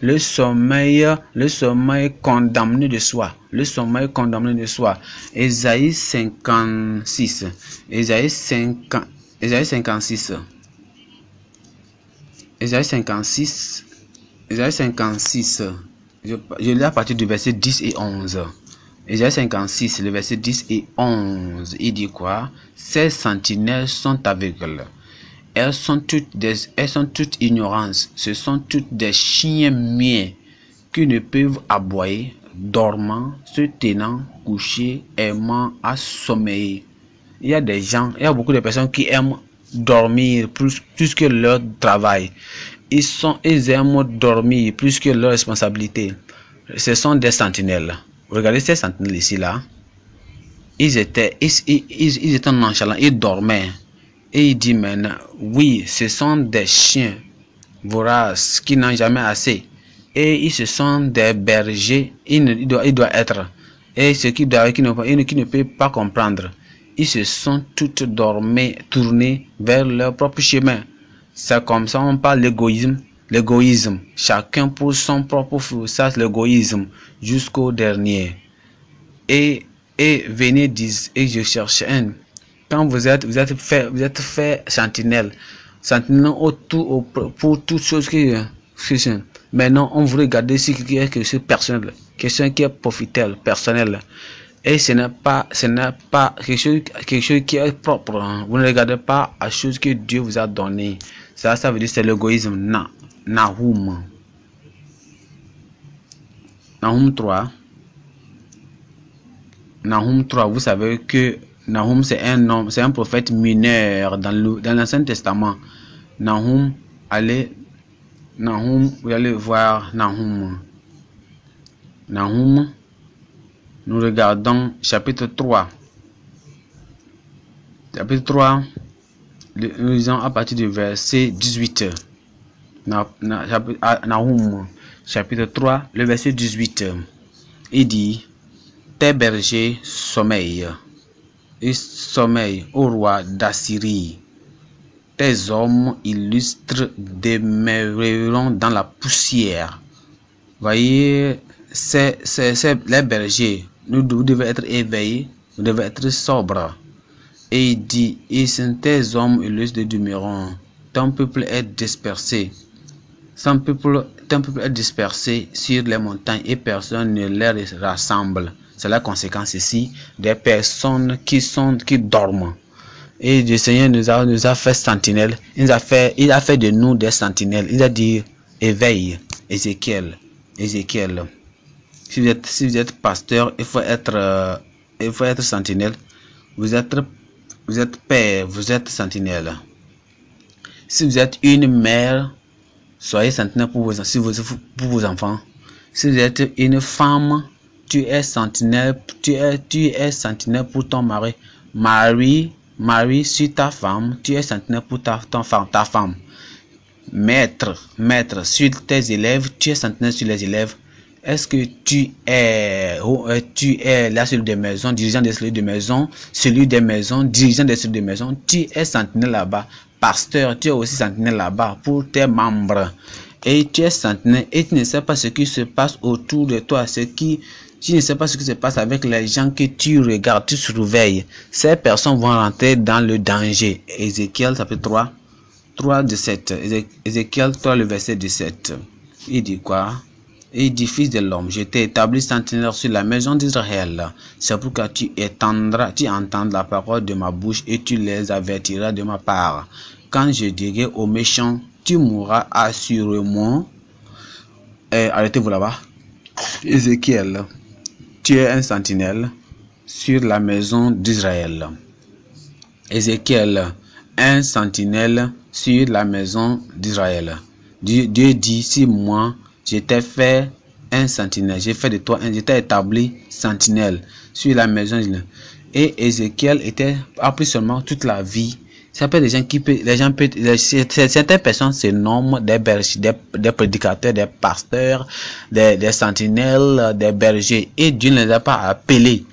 le sommeil, le sommeil condamné de soi. Le sommeil condamné de soi. Esaïe 56. Esaïe 56. Esaïe 56. Esaïe 56. Je, lis à partir du verset 10 et 11. Esaïe 56, le verset 10 et 11, il dit quoi Ces sentinelles sont aveugles elles sont toutes des, sont toutes ignorances. Ce sont toutes des chiens muets qui ne peuvent aboyer, dormant, se tenant, couchés, aimant, assommer. Il y a des gens, il y a beaucoup de personnes qui aiment dormir plus, plus que leur travail. Ils, sont, ils aiment dormir plus que leurs responsabilités. Ce sont des sentinelles. Regardez ces sentinelles ici là. Ils étaient, ils, ils, ils étaient nonchalants, ils dormaient. Et il dit maintenant, oui, ce sont des chiens voraces qui n'ont jamais assez. Et ils se sont des bergers, il doit doivent, être. Et ceux qui, qui, ne, peuvent pas comprendre, ils se sont tous dormés, tournés vers leur propre chemin. C'est comme ça on parle l'égoïsme L'égoïsme, chacun pour son propre fou, ça c'est l'égoïsme, jusqu'au dernier. Et, et venez, disent, et je cherche un quand vous êtes, vous êtes fait, vous êtes fait sentinelle, sentinelle autour, pour toutes choses qui, Maintenant, on veut regarder ce qui est personnel, question qui est profitable, personnel. Et ce n'est pas, ce n'est pas quelque chose, qui est propre. Hein. Vous ne regardez pas à chose que Dieu vous a donné. Ça, ça veut dire c'est l'égoïsme. Na, Nahum. Nahum 3. Nahum 3, vous savez que Nahum, c'est un c'est un prophète mineur dans l'Ancien Testament. Nahum, allez, Nahum, vous voir Nahum. Nahum, nous regardons chapitre 3. Chapitre 3, nous lisons à partir du verset 18. Ah, Nahum, chapitre 3, le verset 18. Il dit, Tes bergers sommeillent et sommeil au roi d'Assyrie. Tes hommes illustres demeureront dans la poussière. Voyez, c'est, les bergers. Nous, devons être éveillés, nous devons être sobres. Et il dit, et sont tes hommes illustres demeureront. Ton peuple est dispersé. peuple, ton peuple est dispersé sur les montagnes et personne ne les rassemble. C'est la conséquence ici des personnes qui sont qui dorment. Et le Seigneur nous a, nous a fait sentinelle. Il a fait, il a fait de nous des sentinelles. Il a dit éveille, Ézéchiel, Ézéchiel. Si vous êtes, si vous êtes pasteur, il faut être, euh, faut être sentinelle. Vous êtes, vous êtes père, vous êtes sentinelle. Si vous êtes une mère, soyez sentinelle pour vos, si vous, pour vos enfants. Si vous êtes une femme, tu es sentinelle, tu es, sentinelle pour ton mari. Marie, Marie sur ta femme, tu es sentinelle pour ta, ta femme. Maître, maître sur tes élèves, tu es sentinelle sur les élèves. Est-ce que tu es, euh, tu es la cellule des maisons, dirigeant des cellules de maison, celui des maisons, dirigeant des cellules de maisons. tu es sentinelle là-bas. Pasteur, tu es aussi sentinelle là-bas pour tes membres. Et tu es sentinelle et tu ne sais pas ce qui se passe autour de toi, ce qui tu ne sais pas ce qui se passe avec les gens que tu regardes, tu surveilles. Ces personnes vont rentrer dans le danger. Ézéchiel chapitre 3, 3, 17. Ézéchiel 3, le verset 17. Il dit quoi Édifice de l'homme, je t'ai établi centenaire sur la maison d'Israël. C'est pourquoi tu étendras, tu entends la parole de ma bouche et tu les avertiras de ma part. Quand je dirai aux méchants, tu mourras assurément. Euh, arrêtez-vous là-bas. Ézéchiel tu es un sentinelle sur la maison d'Israël. Ézéchiel, un sentinelle sur la maison d'Israël. Dieu, dit, si moi, j'étais fait un sentinelle, j'ai fait de toi un, je établi sentinelle sur la maison d'Israël. Et Ézéchiel était, a seulement toute la vie ça gens qui certaines personnes se nomment des bergers, des, prédicateurs, des pasteurs, des, des sentinelles, des bergers, et Dieu ne les a pas appelés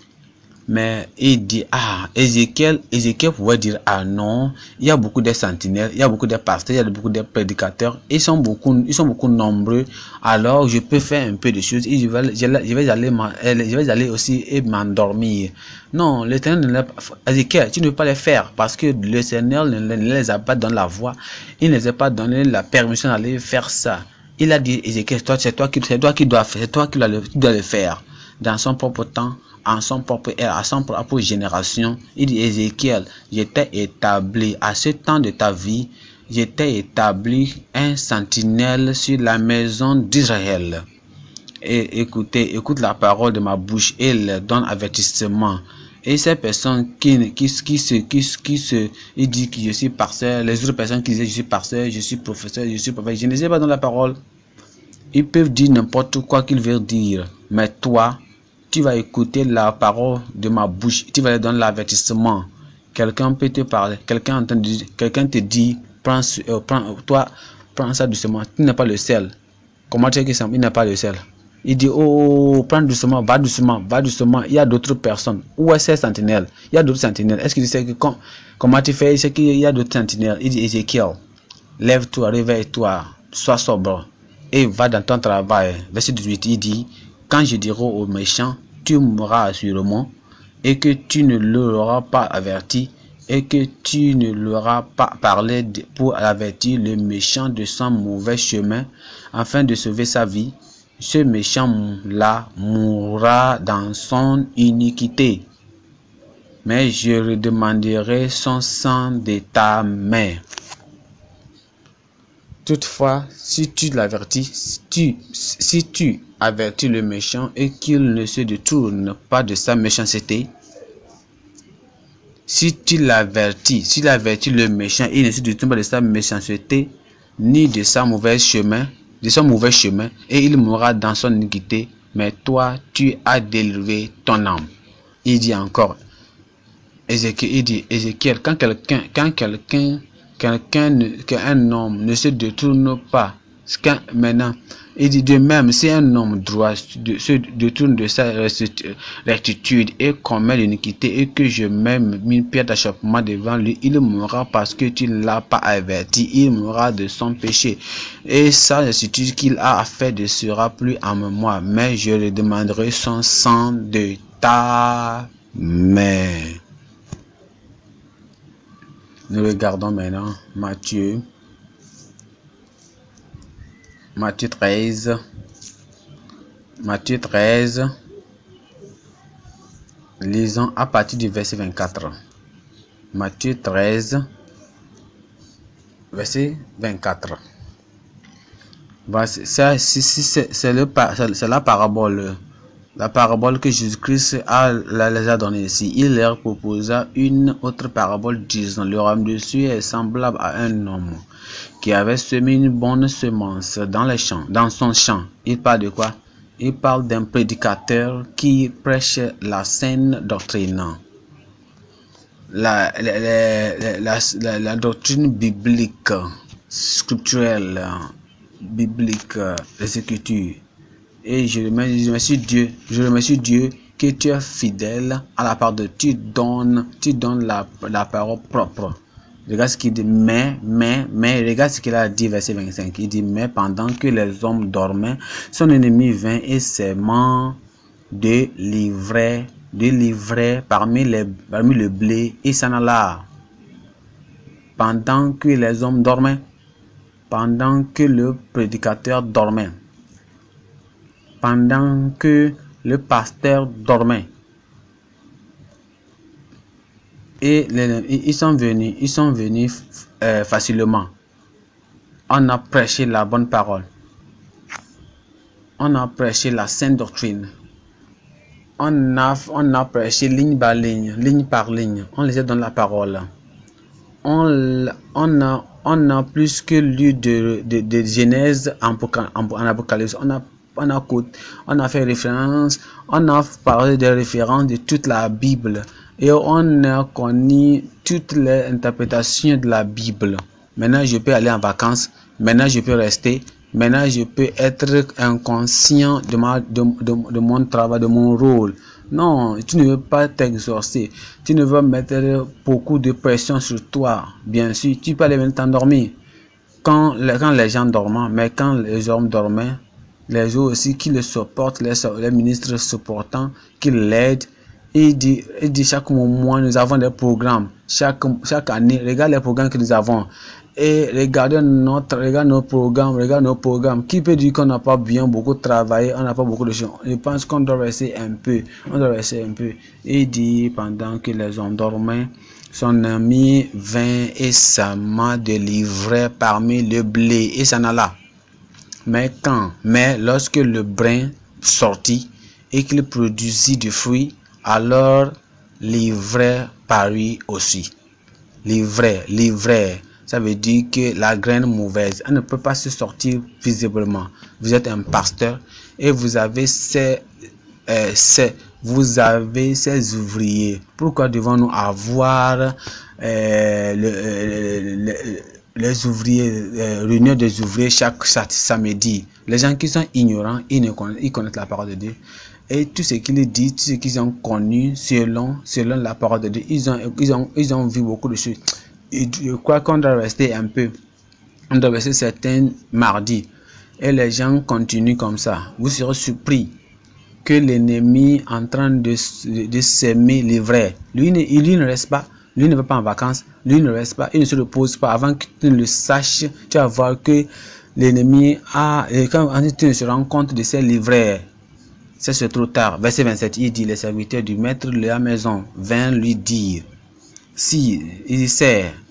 mais il dit, ah, Ezekiel, Ézéchiel pouvait dire, ah non, il y a beaucoup de sentinelles, il y a beaucoup de pasteurs, il y a beaucoup de prédicateurs, ils sont beaucoup, ils sont beaucoup nombreux, alors je peux faire un peu de choses, et je, vais, aller, euh, je vais aller aussi et m'endormir. Non, Ezekiel, tu ne peux pas les faire parce que le Seigneur ne, les a pas dans la voie, il ne les a pas donné la permission d'aller faire ça. Il a dit, Ezekiel, c'est toi, qui, qui faire, toi qui dois le faire dans son propre temps en son propre euh, à son propre génération. Il dit Ézéchiel, j'étais établi à ce temps de ta vie, j'étais établi un sentinelle sur la maison d'Israël. Et écoutez, écoute la parole de ma bouche elle donne avertissement. Et ces personnes qui, qui, qui, se, qui, se, il dit que je suis pasteur, les autres personnes qui disent je suis pasteur, je suis professeur, je suis je ne sais pas dans la parole. Ils peuvent dire n'importe quoi qu'ils veulent dire. Mais toi, tu vas écouter la parole de ma bouche, tu vas donner l'avertissement. Quelqu'un peut te parler, quelqu'un quelqu'un te dit, euh, prends, toi, prends ça doucement, tu n'as pas le sel. Comment tu sais Il n'a pas le sel Il dit, oh, oh, oh, prends doucement, va doucement, va doucement, il y a d'autres personnes. Où est cette sentinelle? Il y a d'autres sentinelles. Est-ce qu'il sait que quand, comment tu fais Il qu'il y a d'autres sentinelles. Il dit, Ézéchiel, lève-toi, réveille-toi, sois sobre et va dans ton travail. Verset 18, il dit, quand je dirai au méchant, tu mourras sûrement, et que tu ne l'auras pas averti, et que tu ne l'auras pas parlé pour avertir le méchant de son mauvais chemin, afin de sauver sa vie, ce méchant-là mourra dans son iniquité. Mais je redemanderai son sang de ta mère. Toutefois, si tu l'avertis, si, si tu avertis le méchant et qu'il ne se détourne pas de sa méchanceté, si tu l'avertis, si l'avertis le méchant et il ne se détourne pas de sa méchanceté, ni de sa mauvaise chemin, de son mauvais chemin, et il mourra dans son iniquité, mais toi, tu as délivré ton âme. Il dit encore, Ézéchiel, il dit, quand quelqu'un, quand quelqu'un quelqu'un, qu'un homme ne se détourne pas maintenant. Il dit de même, si un homme droit se détourne de sa rectitude et commet l'iniquité et que je mets une pierre d'achoppement devant lui, il mourra parce que tu ne l'as pas averti, il mourra de son péché. Et sa rectitude qu'il a fait ne sera plus en moi, mais je lui demanderai son sang de ta mère. Nous regardons maintenant Matthieu. Matthieu 13. Matthieu 13. Lisons à partir du verset 24. Matthieu 13, verset 24. C'est la parabole la parabole que Jésus-Christ les a donnée ici. Il leur proposa une autre parabole disant, le royaume de est semblable à un homme qui avait semé une bonne semence dans les champs, dans son champ. Il parle de quoi Il parle d'un prédicateur qui prêche la saine doctrine. La, doctrine biblique, scripturelle, biblique, les et je remercie Dieu, je remercie Dieu que tu es fidèle à la parole. Tu donnes, tu donnes la, parole propre. Regarde ce qu'il dit, mais, mais, mais, regarde ce qu'il a dit, verset 25. Il dit, mais pendant que les hommes dormaient, son ennemi vint et s'aimant de livrer, parmi, les, parmi le blé et s'en alla. Pendant que les hommes dormaient, pendant que le prédicateur dormait pendant que le pasteur dormait. Et ils sont venus, ils sont venus euh, facilement. On a prêché la bonne parole. On a prêché la sainte doctrine. On a, on a prêché ligne par ligne, ligne par ligne. On les a dans la parole. On, on, a, on a plus que lu de, de, Genèse en, en, en Apocalypse. On a on a, on a fait référence, on a parlé des références de toute la Bible et on a connu toutes les interprétations de la Bible. Maintenant, je peux aller en vacances. Maintenant, je peux rester. Maintenant, je peux être inconscient de, de, mon travail, de mon rôle. Non, tu ne veux pas t'exorcer. Tu ne veux mettre beaucoup de pression sur toi. Bien sûr, tu peux aller t'endormir. Quand, quand les gens dorment, mais quand les hommes dormaient, les jours aussi qui le supportent, les, ministres supportants, qui l'aident. il dit, dit chaque mois, nous avons des programmes. Chaque, chaque année, regarde les programmes que nous avons. Et regardez notre, regarde nos programmes, regarde nos programmes. Qui peut dire qu'on n'a pas bien beaucoup travaillé, on n'a pas beaucoup de choses. Je pense qu'on doit rester un peu. On doit rester un peu. Il dit, pendant que les hommes dormaient, son ami vint et s'en main délivré parmi le blé. Et s'en alla mais quand mais lorsque le brin sortit et qu'il produisit du fruit alors l'ivraie parut aussi l'ivraie l'ivraie ça veut dire que la graine mauvaise, elle ne peut pas se sortir visiblement. Vous êtes un pasteur et vous avez ces, euh, vous avez ces ouvriers. Pourquoi devons-nous avoir euh, le, euh, les ouvriers, les euh, réunion des ouvriers chaque samedi. Les gens qui sont ignorants, ils, ne connaissent, la parole de Dieu. Et tout ce qu'ils disent tout ce qu'ils ont connu selon, selon la parole de Dieu, ils ont, ont, ils ont vu beaucoup de choses. Et je crois qu'on doit rester un peu. On doit rester certains mardis. Et les gens continuent comme ça. Vous serez surpris que l'ennemi en train de, de, s'aimer les vrais. Lui, il ne reste pas lui ne va pas en vacances, lui ne reste pas, il ne se repose pas. Avant que tu le saches, tu vas voir que l'ennemi a, quand tu te rends compte de ses livrets, c'est trop tard. Verset 27, il dit, les serviteurs du maître de la maison viennent lui dire, si, il dit,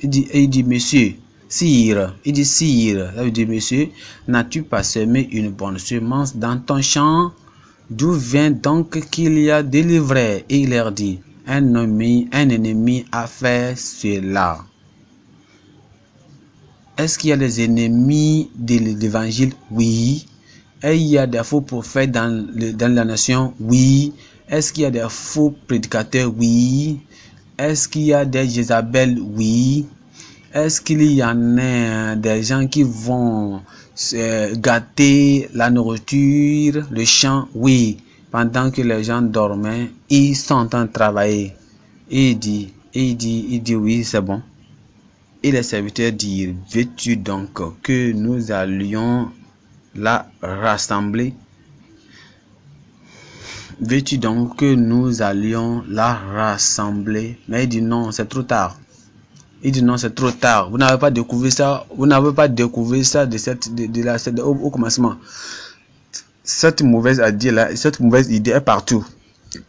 il dit, il dit, monsieur, sire, il dit, sire, il dit, monsieur, n'as-tu pas semé une bonne semence dans ton champ? D'où vient donc qu'il y a des livrets? Et il leur dit, un, un ennemi a fait cela Est-ce qu'il y a des ennemis de l'évangile Oui. Est-ce y a des faux prophètes dans, la nation Oui. Est-ce qu'il y a des faux prédicateurs Oui. Est-ce qu'il y a des Jézabel Oui. Est-ce qu'il y en a euh, des gens qui vont euh, gâter la nourriture, le champ Oui pendant que les gens dormaient, ils sont en travailler. Et il dit, et il dit, il dit, oui, c'est bon. Et les serviteurs disent, veux-tu donc que nous allions la rassembler Veux-tu donc que nous allions la rassembler Mais il dit, non, c'est trop tard. Il dit non, c'est trop tard. Vous n'avez pas découvert ça. Vous n'avez pas découvert ça de cette, la, au, commencement cette mauvaise idée là, cette mauvaise idée est partout.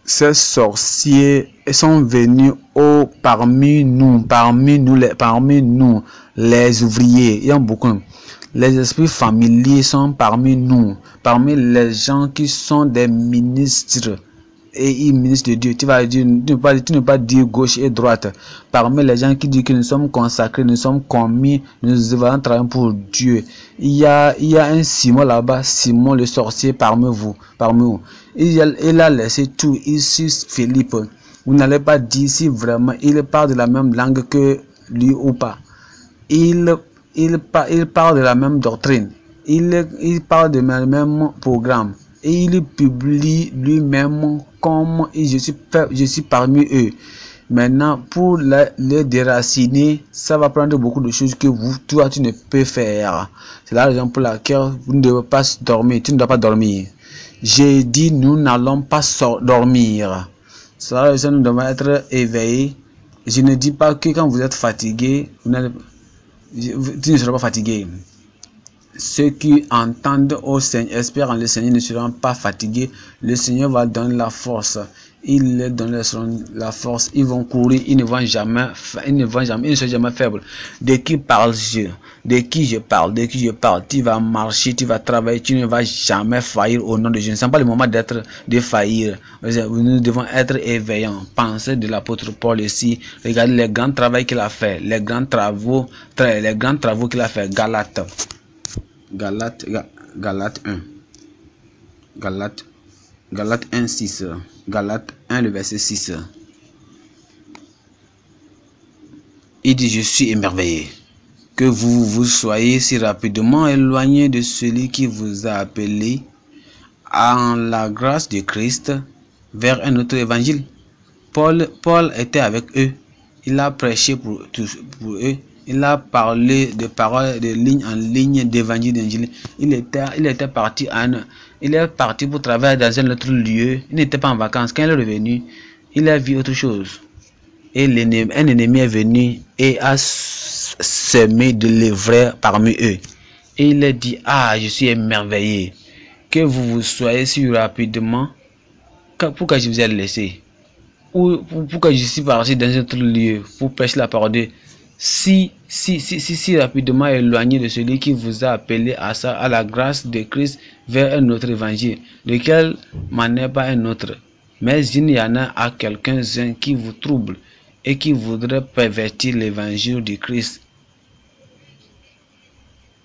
Ces sorciers sont venus au, parmi nous, parmi nous, les, parmi nous, les ouvriers. Il y a beaucoup. Les esprits familiers sont parmi nous, parmi les gens qui sont des ministres, et ministre de Dieu. Tu vas dire, ne, pas, tu ne pas dire gauche et droite. Parmi les gens qui disent que nous sommes consacrés, nous sommes commis, nous devons travailler pour Dieu. Il y a, il y a un Simon là-bas, Simon le sorcier parmi vous, parmi vous. Il a, laissé tout, il suit Philippe. Vous n'allez pas dire si vraiment il parle de la même langue que lui ou pas. Il, il, il parle de la même doctrine. Il, il parle de même programme. Et il publie lui-même comme je suis, je suis parmi eux. Maintenant, pour les, déraciner, ça va prendre beaucoup de choses que vous, toi, tu ne peux faire. C'est la raison pour laquelle vous ne devez pas dormir. Tu ne dois pas dormir. J'ai dit, nous n'allons pas dormir. C'est la raison nous devons être éveillé Je ne dis pas que quand vous êtes fatigué, vous, tu ne seras pas fatigué. Ceux qui entendent au Seigneur, espèrent en le Seigneur, ne seront pas fatigués. Le Seigneur va donner la force. Il leur donne la force. Ils vont courir. Ils ne vont jamais, ils ne vont jamais, ils ne sont jamais faibles. De qui parle-je? De qui je parle? De qui je parle? Tu vas marcher, tu vas travailler, tu ne vas jamais faillir au nom de Dieu. Ce n'est pas le moment d'être, de faillir. Nous devons être éveillants. Pensez de l'apôtre Paul ici. Regardez les grands travaux qu'il a fait, les grands travaux, les grands travaux qu'il a fait. Galate. Galate, 1. Galate, 1, 6. Galate 1, le verset 6. Il dit, je suis émerveillé. Que vous vous soyez si rapidement éloigné de celui qui vous a appelé en la grâce de Christ vers un autre évangile. Paul, Paul était avec eux. Il a prêché pour eux il a parlé de paroles de ligne en ligne d'évangile d'Évangile. Il était, il était parti il est parti pour travailler dans un autre lieu. Il n'était pas en vacances. Quand il est revenu, il a vu autre chose. Et un ennemi est venu et a semé de l'ivraie parmi eux. Et il a dit, ah, je suis émerveillé. Que vous vous soyez si rapidement. Pourquoi je vous ai laissé? Ou pourquoi je suis parti dans un autre lieu pour prêcher la parole de si, si, si, si, rapidement éloigné de celui qui vous a appelé à, ça, à la grâce de Christ vers un autre évangile, lequel n'en est pas un autre. Mais il y en a à quelqu'un qui vous trouble et qui voudrait pervertir l'évangile de Christ.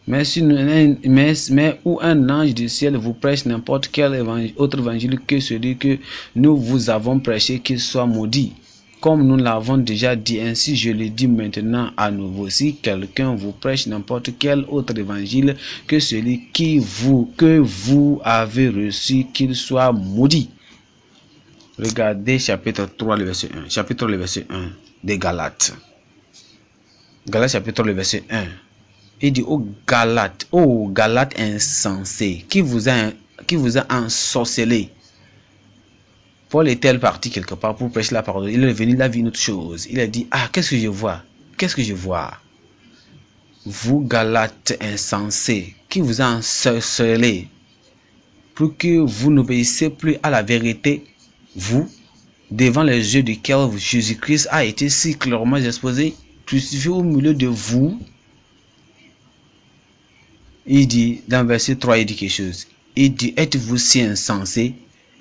Mais, si, mais, mais, où un ange du ciel vous prêche n'importe quel autre évangile que celui que nous vous avons prêché, qu'il soit maudit. Comme nous l'avons déjà dit, ainsi je le dis maintenant à nouveau, si quelqu'un vous prêche n'importe quel autre évangile que celui qui vous, que vous avez reçu, qu'il soit maudit. Regardez chapitre 3, le verset 1. Chapitre le verset 1 des Galates. Galates chapitre le verset 1. Il dit, oh Galates, ô oh Galates insensé qui vous a, qui vous a ensorcelé Paul est-il parti quelque part pour prêcher la parole. Il est venu, il a vu une autre chose. Il a dit, ah, qu'est-ce que je vois Qu'est-ce que je vois Vous, Galates insensés, qui vous a pour que vous n'obéissez plus à la vérité, vous, devant les yeux duquel Jésus-Christ a été si clairement exposé, crucifié au milieu de vous. Il dit, dans verset 3, il dit quelque chose. Il dit, êtes-vous si insensés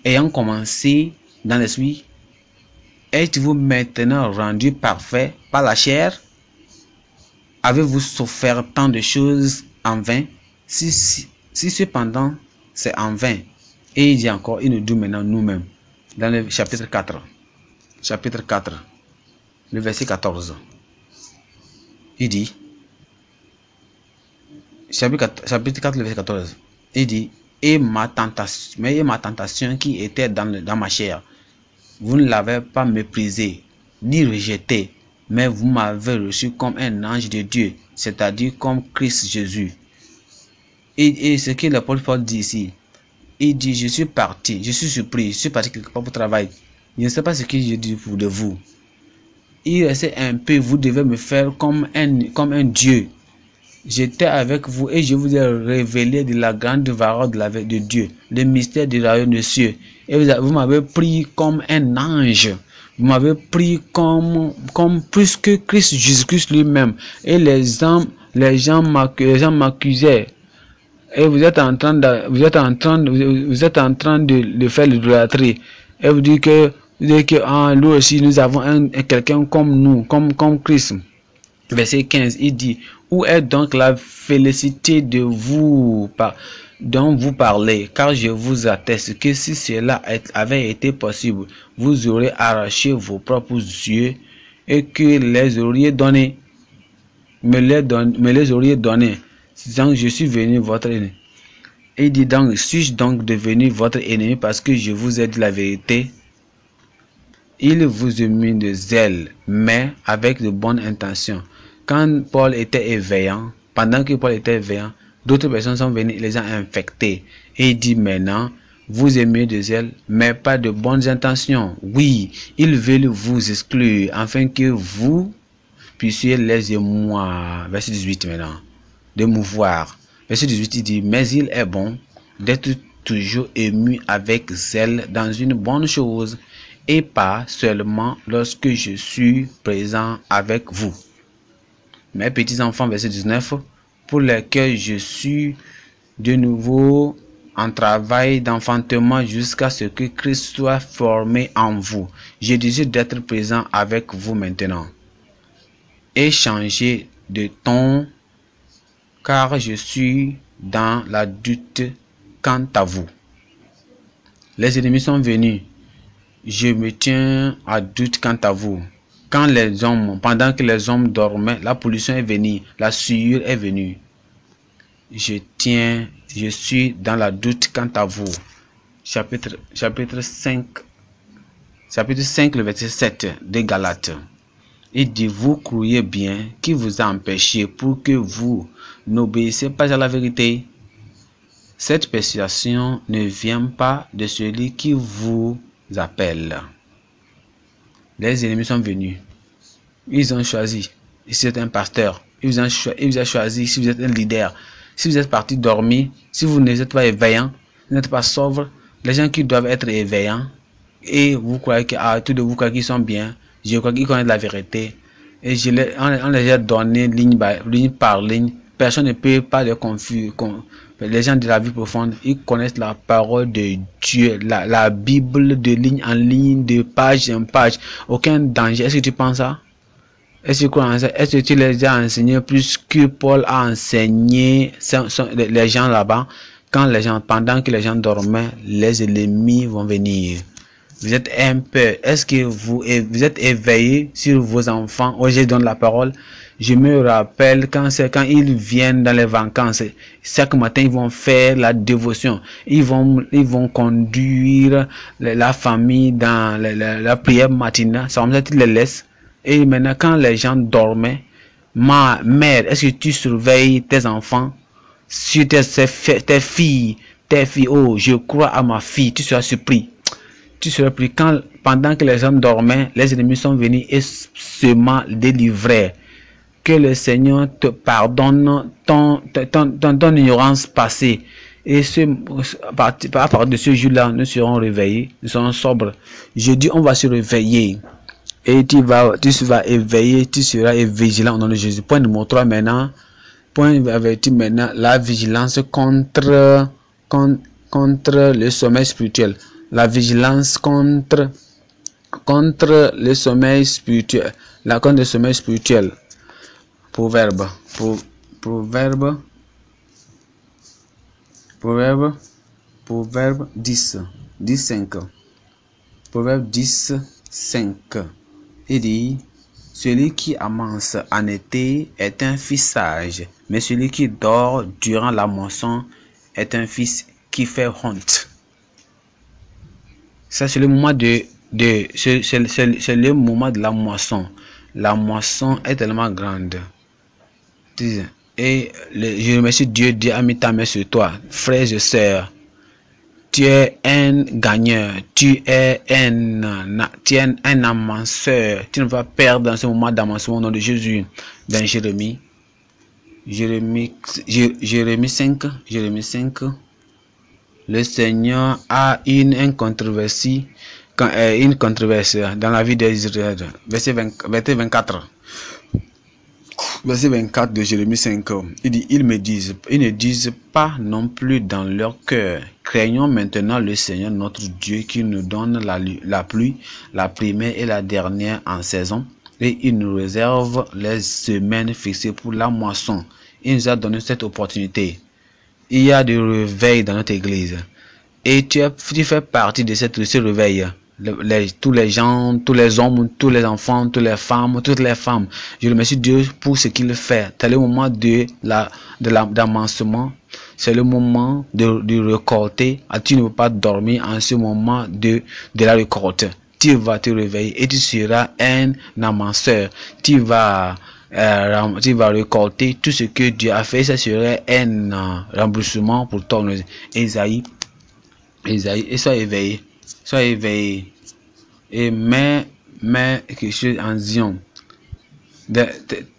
ayant commencé dans l'esprit, êtes-vous maintenant rendu parfait par la chair Avez-vous souffert tant de choses en vain si, si, cependant c'est en vain. Et il dit encore, il nous dit maintenant nous-mêmes, dans le chapitre 4, chapitre 4, le verset 14. Il dit, chapitre 4, chapitre 4 le verset 14, il dit, et ma tentation, mais ma tentation qui était dans, dans ma chair. Vous ne l'avez pas méprisé ni rejeté, mais vous m'avez reçu comme un ange de Dieu, c'est-à-dire comme Christ Jésus. Et, ce que le Paul dit ici, il dit, je suis parti, je suis surpris, je suis parti quelque part pour travail. Je ne sais pas ce que je dis pour de vous. Il essaie un peu, vous devez me faire comme un, comme un Dieu. J'étais avec vous et je vous ai révélé de la grande valeur de, la, de Dieu, le mystère du royaume de cieux. Et vous, m'avez pris comme un ange. Vous m'avez pris comme, comme plus que Christ Jésus-Christ lui-même. Et les gens, les gens m'accusaient et vous êtes en train de, vous êtes en train vous êtes en train de, de faire l'idolâtrie et vous dites que que ah, nous aussi nous avons un, quelqu'un comme nous comme comme Christ verset 15 il dit où est donc la félicité de vous dont vous parlez Car je vous atteste que si cela avait été possible, vous auriez arraché vos propres yeux et que les auriez donnés. Me les, auriez donnés. Donc je suis venu votre ennemi. Il dit donc, suis-je donc devenu votre ennemi parce que je vous ai dit la vérité Il vous a mis de zèle, mais avec de bonnes intentions quand Paul était éveillant, pendant que Paul était éveillant, d'autres personnes sont venues, les ont infectés. Et il dit maintenant, vous aimez de zèle, mais pas de bonnes intentions. Oui, ils veulent vous exclure, afin que vous puissiez les moi, Verset 18 maintenant. De mouvoir. Verset 18, il dit, mais il est bon d'être toujours ému avec zèle dans une bonne chose, et pas seulement lorsque je suis présent avec vous mes petits-enfants, verset 19, pour lesquels je suis de nouveau en travail d'enfantement jusqu'à ce que Christ soit formé en vous. Je désire d'être présent avec vous maintenant. Et de ton, car je suis dans la doute quant à vous. Les ennemis sont venus. Je me tiens à doute quant à vous. Quand les hommes, pendant que les hommes dormaient, la pollution est venue, la sueur est venue. Je tiens, je suis dans la doute quant à vous. Chapitre, chapitre 5, chapitre 5, le verset 7 de Galates. Il dit, vous croyez bien, qui vous a empêché pour que vous n'obéissiez pas à la vérité Cette persuasion ne vient pas de celui qui vous appelle. Les ennemis sont venus. Ils ont choisi. Si vous êtes un pasteur, ils vous ont, choisi. Si vous êtes un leader, si vous êtes parti dormir, si vous n'êtes pas éveillant, n'êtes pas sobre, les gens qui doivent être éveillants, et vous croyez que ah, tous de vous qui qu'ils sont bien, je crois qu'ils connaissent la vérité, et je les, on, les a donné ligne, ligne par ligne, personne ne peut pas les confus, les gens de la vie profonde, ils connaissent la parole de Dieu, la, Bible de ligne en ligne, de page en page. Aucun danger. Est-ce que tu penses ça? Est-ce que, que, tu les as enseignés plus que Paul a enseigné les gens là-bas? Quand les gens, pendant que les gens dormaient, les ennemis vont venir vous êtes un peu... est-ce que vous, êtes éveillé sur vos enfants Oh, je donne la parole. Je me rappelle quand c'est quand ils viennent dans les vacances, chaque matin ils vont faire la dévotion, ils vont ils vont conduire la famille dans la, prière matinale. Ça me dire les laissent. Et maintenant quand les gens dormaient, ma mère, est-ce que tu surveilles tes enfants, sur tes, tes filles, tes filles Oh, je crois à ma fille, tu seras surpris tu seras pris. Quand, pendant que les hommes dormaient, les ennemis sont venus et se m'ont délivré Que le Seigneur te pardonne ton, ton, ton, ignorance passée. Et ce, à partir de ce jour-là, nous serons réveillés, nous serons sobres. Je dis, on va se réveiller. Et tu vas, tu vas éveiller, tu seras vigilant au nom de Jésus. Point numéro 3 maintenant. Point averti maintenant, la vigilance contre, contre le sommeil spirituel la vigilance contre, contre le sommeil spirituel. La contre le sommeil spirituel. Proverbe. proverbe. Proverbe. Proverbe 10. 10, 5. Proverbe 10, 5. Il dit, celui qui amance en été est un fils sage, mais celui qui dort durant la moisson est un fils qui fait honte. Ça, c'est le moment de, de c'est le moment de la moisson. La moisson est tellement grande. Et je remercie Dieu, Dieu a mis ta main sur toi. Frères et sœurs, tu es un gagneur, tu es un, tu es un amanceur. Tu ne vas perdre dans ce moment d'amancement au nom de Jésus. Dans Jérémie, Jérémie, Jérémie 5, Jérémie 5 le Seigneur a une, controversie euh, controverse dans la vie d'Israël. Verset, verset 24. Verset 24 de Jérémie 5. Il dit, ils me disent, ne disent pas non plus dans leur cœur, craignons maintenant le Seigneur notre Dieu qui nous donne la, la pluie, la première et la dernière en saison, et il nous réserve les semaines fixées pour la moisson. Il nous a donné cette opportunité il y a du réveil dans notre église. Et tu, fais partie de, cette, ce réveil. tous les gens, tous les hommes, tous les enfants, toutes les femmes, toutes les femmes. Je remercie Dieu pour ce qu'il fait. C'est le moment de la, de la, C'est le moment de, de récolter. Ah, tu ne peux pas dormir en ce moment de, de la récolte. Tu vas te réveiller et tu seras un amanceur. Tu vas euh, tu vas récolter tout ce que Dieu a fait. Ça serait un euh, remboursement pour ton Esaïe. Esaïe, sois éveillé. Sois éveillé. Et mets, mets quelque chose en zion.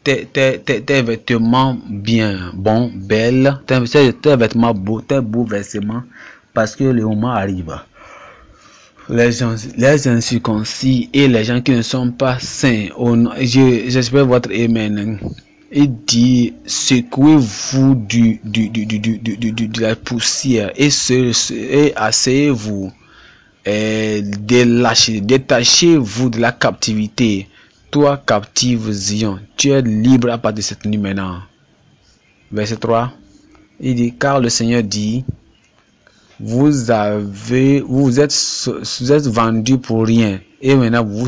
Tes vêtements bien, bon, belles. Tes vêtements beaux, tes beaux vêtements. Parce que le moment arrive les, les incirconcis et les gens qui ne sont pas saints. J'espère votre Amen. Il dit secouez-vous du, de la poussière et, et asseyez-vous. détachez-vous de la captivité. Toi, captive Zion, tu es libre à partir de cette nuit maintenant. Verset 3. Il dit Car le Seigneur dit vous avez, vous êtes, vous êtes vendu pour rien. Et maintenant, vous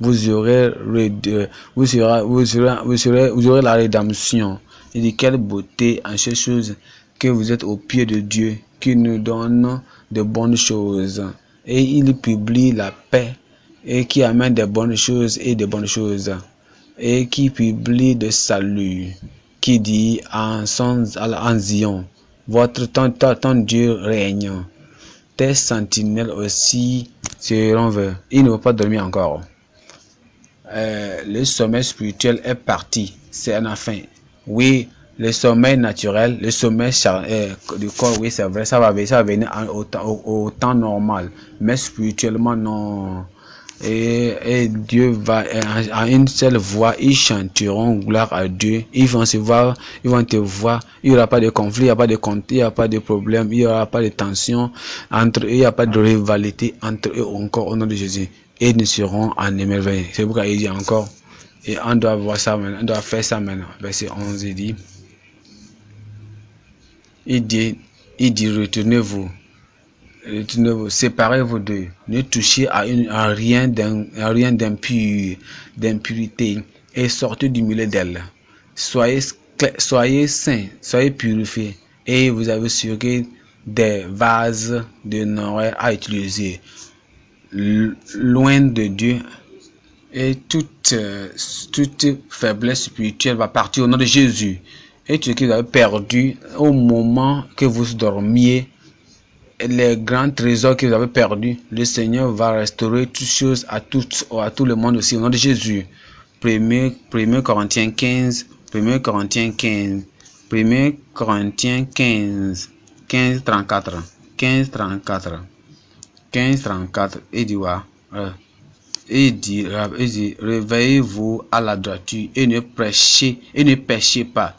vous aurez, euh, vous vous vous la rédemption. Et de quelle beauté en ces choses que vous êtes au pied de Dieu, qui nous donne de bonnes choses. Et il publie la paix et qui amène de bonnes choses et de bonnes choses. Et qui publie de salut, qui dit en, son, en Zion votre temps ton, règne. Tes sentinelles aussi seront veut. Il ne veut pas dormir encore. Euh, le sommeil spirituel est parti. C'est à la fin. Oui, le sommeil naturel, le sommeil euh, du corps, oui, c'est vrai, ça va, ça venir au temps normal. Mais spirituellement, non et, Dieu va à une seule voix, ils chanteront gloire à Dieu, ils vont se voir, ils vont te voir, il n'y aura pas de conflit, il n'y aura pas de compte, il n'y a pas de problème, il n'y aura pas de tension entre eux, il n'y a pas de rivalité entre eux encore au nom de Jésus. Et nous serons en émerveillement. C'est pourquoi il dit encore, et on doit voir ça maintenant, on doit faire ça maintenant. Verset 11, dit, il dit, il dit, retournez-vous séparez vous deux. Ne touchez à, rien d'impurité et sortez du milieu d'elle. Soyez, soyez saints, soyez purifiés et vous avez que des vases de Noël à utiliser loin de Dieu. Et toute, euh, toute faiblesse spirituelle va partir au nom de Jésus. Et ce que vous avez perdu au moment que vous dormiez les grands trésors que vous avez perdus, le Seigneur va restaurer toutes choses à, à tout le monde aussi au nom de Jésus. 1 Corinthiens 15, 1 Corinthiens 15, 1 Corinthiens 15, 15, 34, 15, 34, 15, 34, et dit, et dit, réveillez-vous à la droiture et ne prêchez, et ne pêchez pas.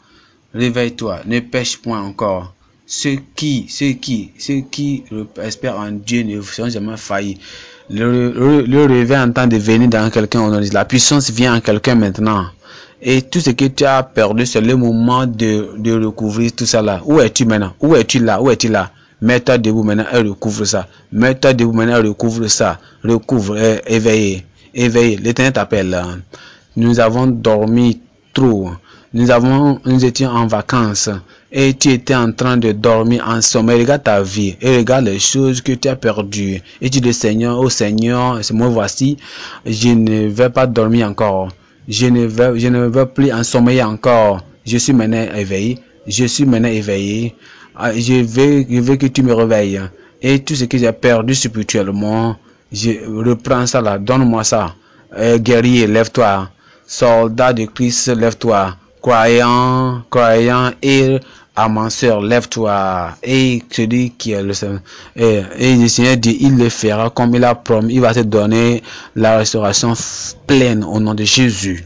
Réveille-toi, ne pêche point encore ceux qui, ceux qui, ceux qui espèrent en Dieu ne sont jamais faillis. Le, le, en temps de venir dans quelqu'un, on dit la puissance vient en quelqu'un maintenant. Et tout ce que tu as perdu, c'est le moment de, recouvrir tout ça là. Où es-tu maintenant Où es-tu là Où es-tu là Mets-toi debout maintenant et recouvre ça. Mets-toi debout maintenant et recouvre ça. Recouvre, euh, éveillez, Éveille. L'éternel t'appelle. Nous avons dormi trop. Nous avons, nous étions en vacances et tu étais en train de dormir en sommeil. Regarde ta vie et regarde les choses que tu as perdues. Et tu dis, Seigneur, au oh Seigneur, c'est moi voici, je ne vais pas dormir encore. Je ne veux je ne plus en sommeil encore. Je suis maintenant éveillé. Je suis maintenant éveillé. Ah, je veux, je veux que tu me réveilles. Et tout ce que j'ai perdu spirituellement, je reprends ça là. Donne-moi ça. Euh, guerrier, lève-toi. Soldat de Christ, lève-toi croyant, croyant et amenseur, lève-toi. Et celui qui est le Seigneur, et, et, le Seigneur dit, il le fera comme il a promis, il va te donner la restauration pleine au nom de Jésus.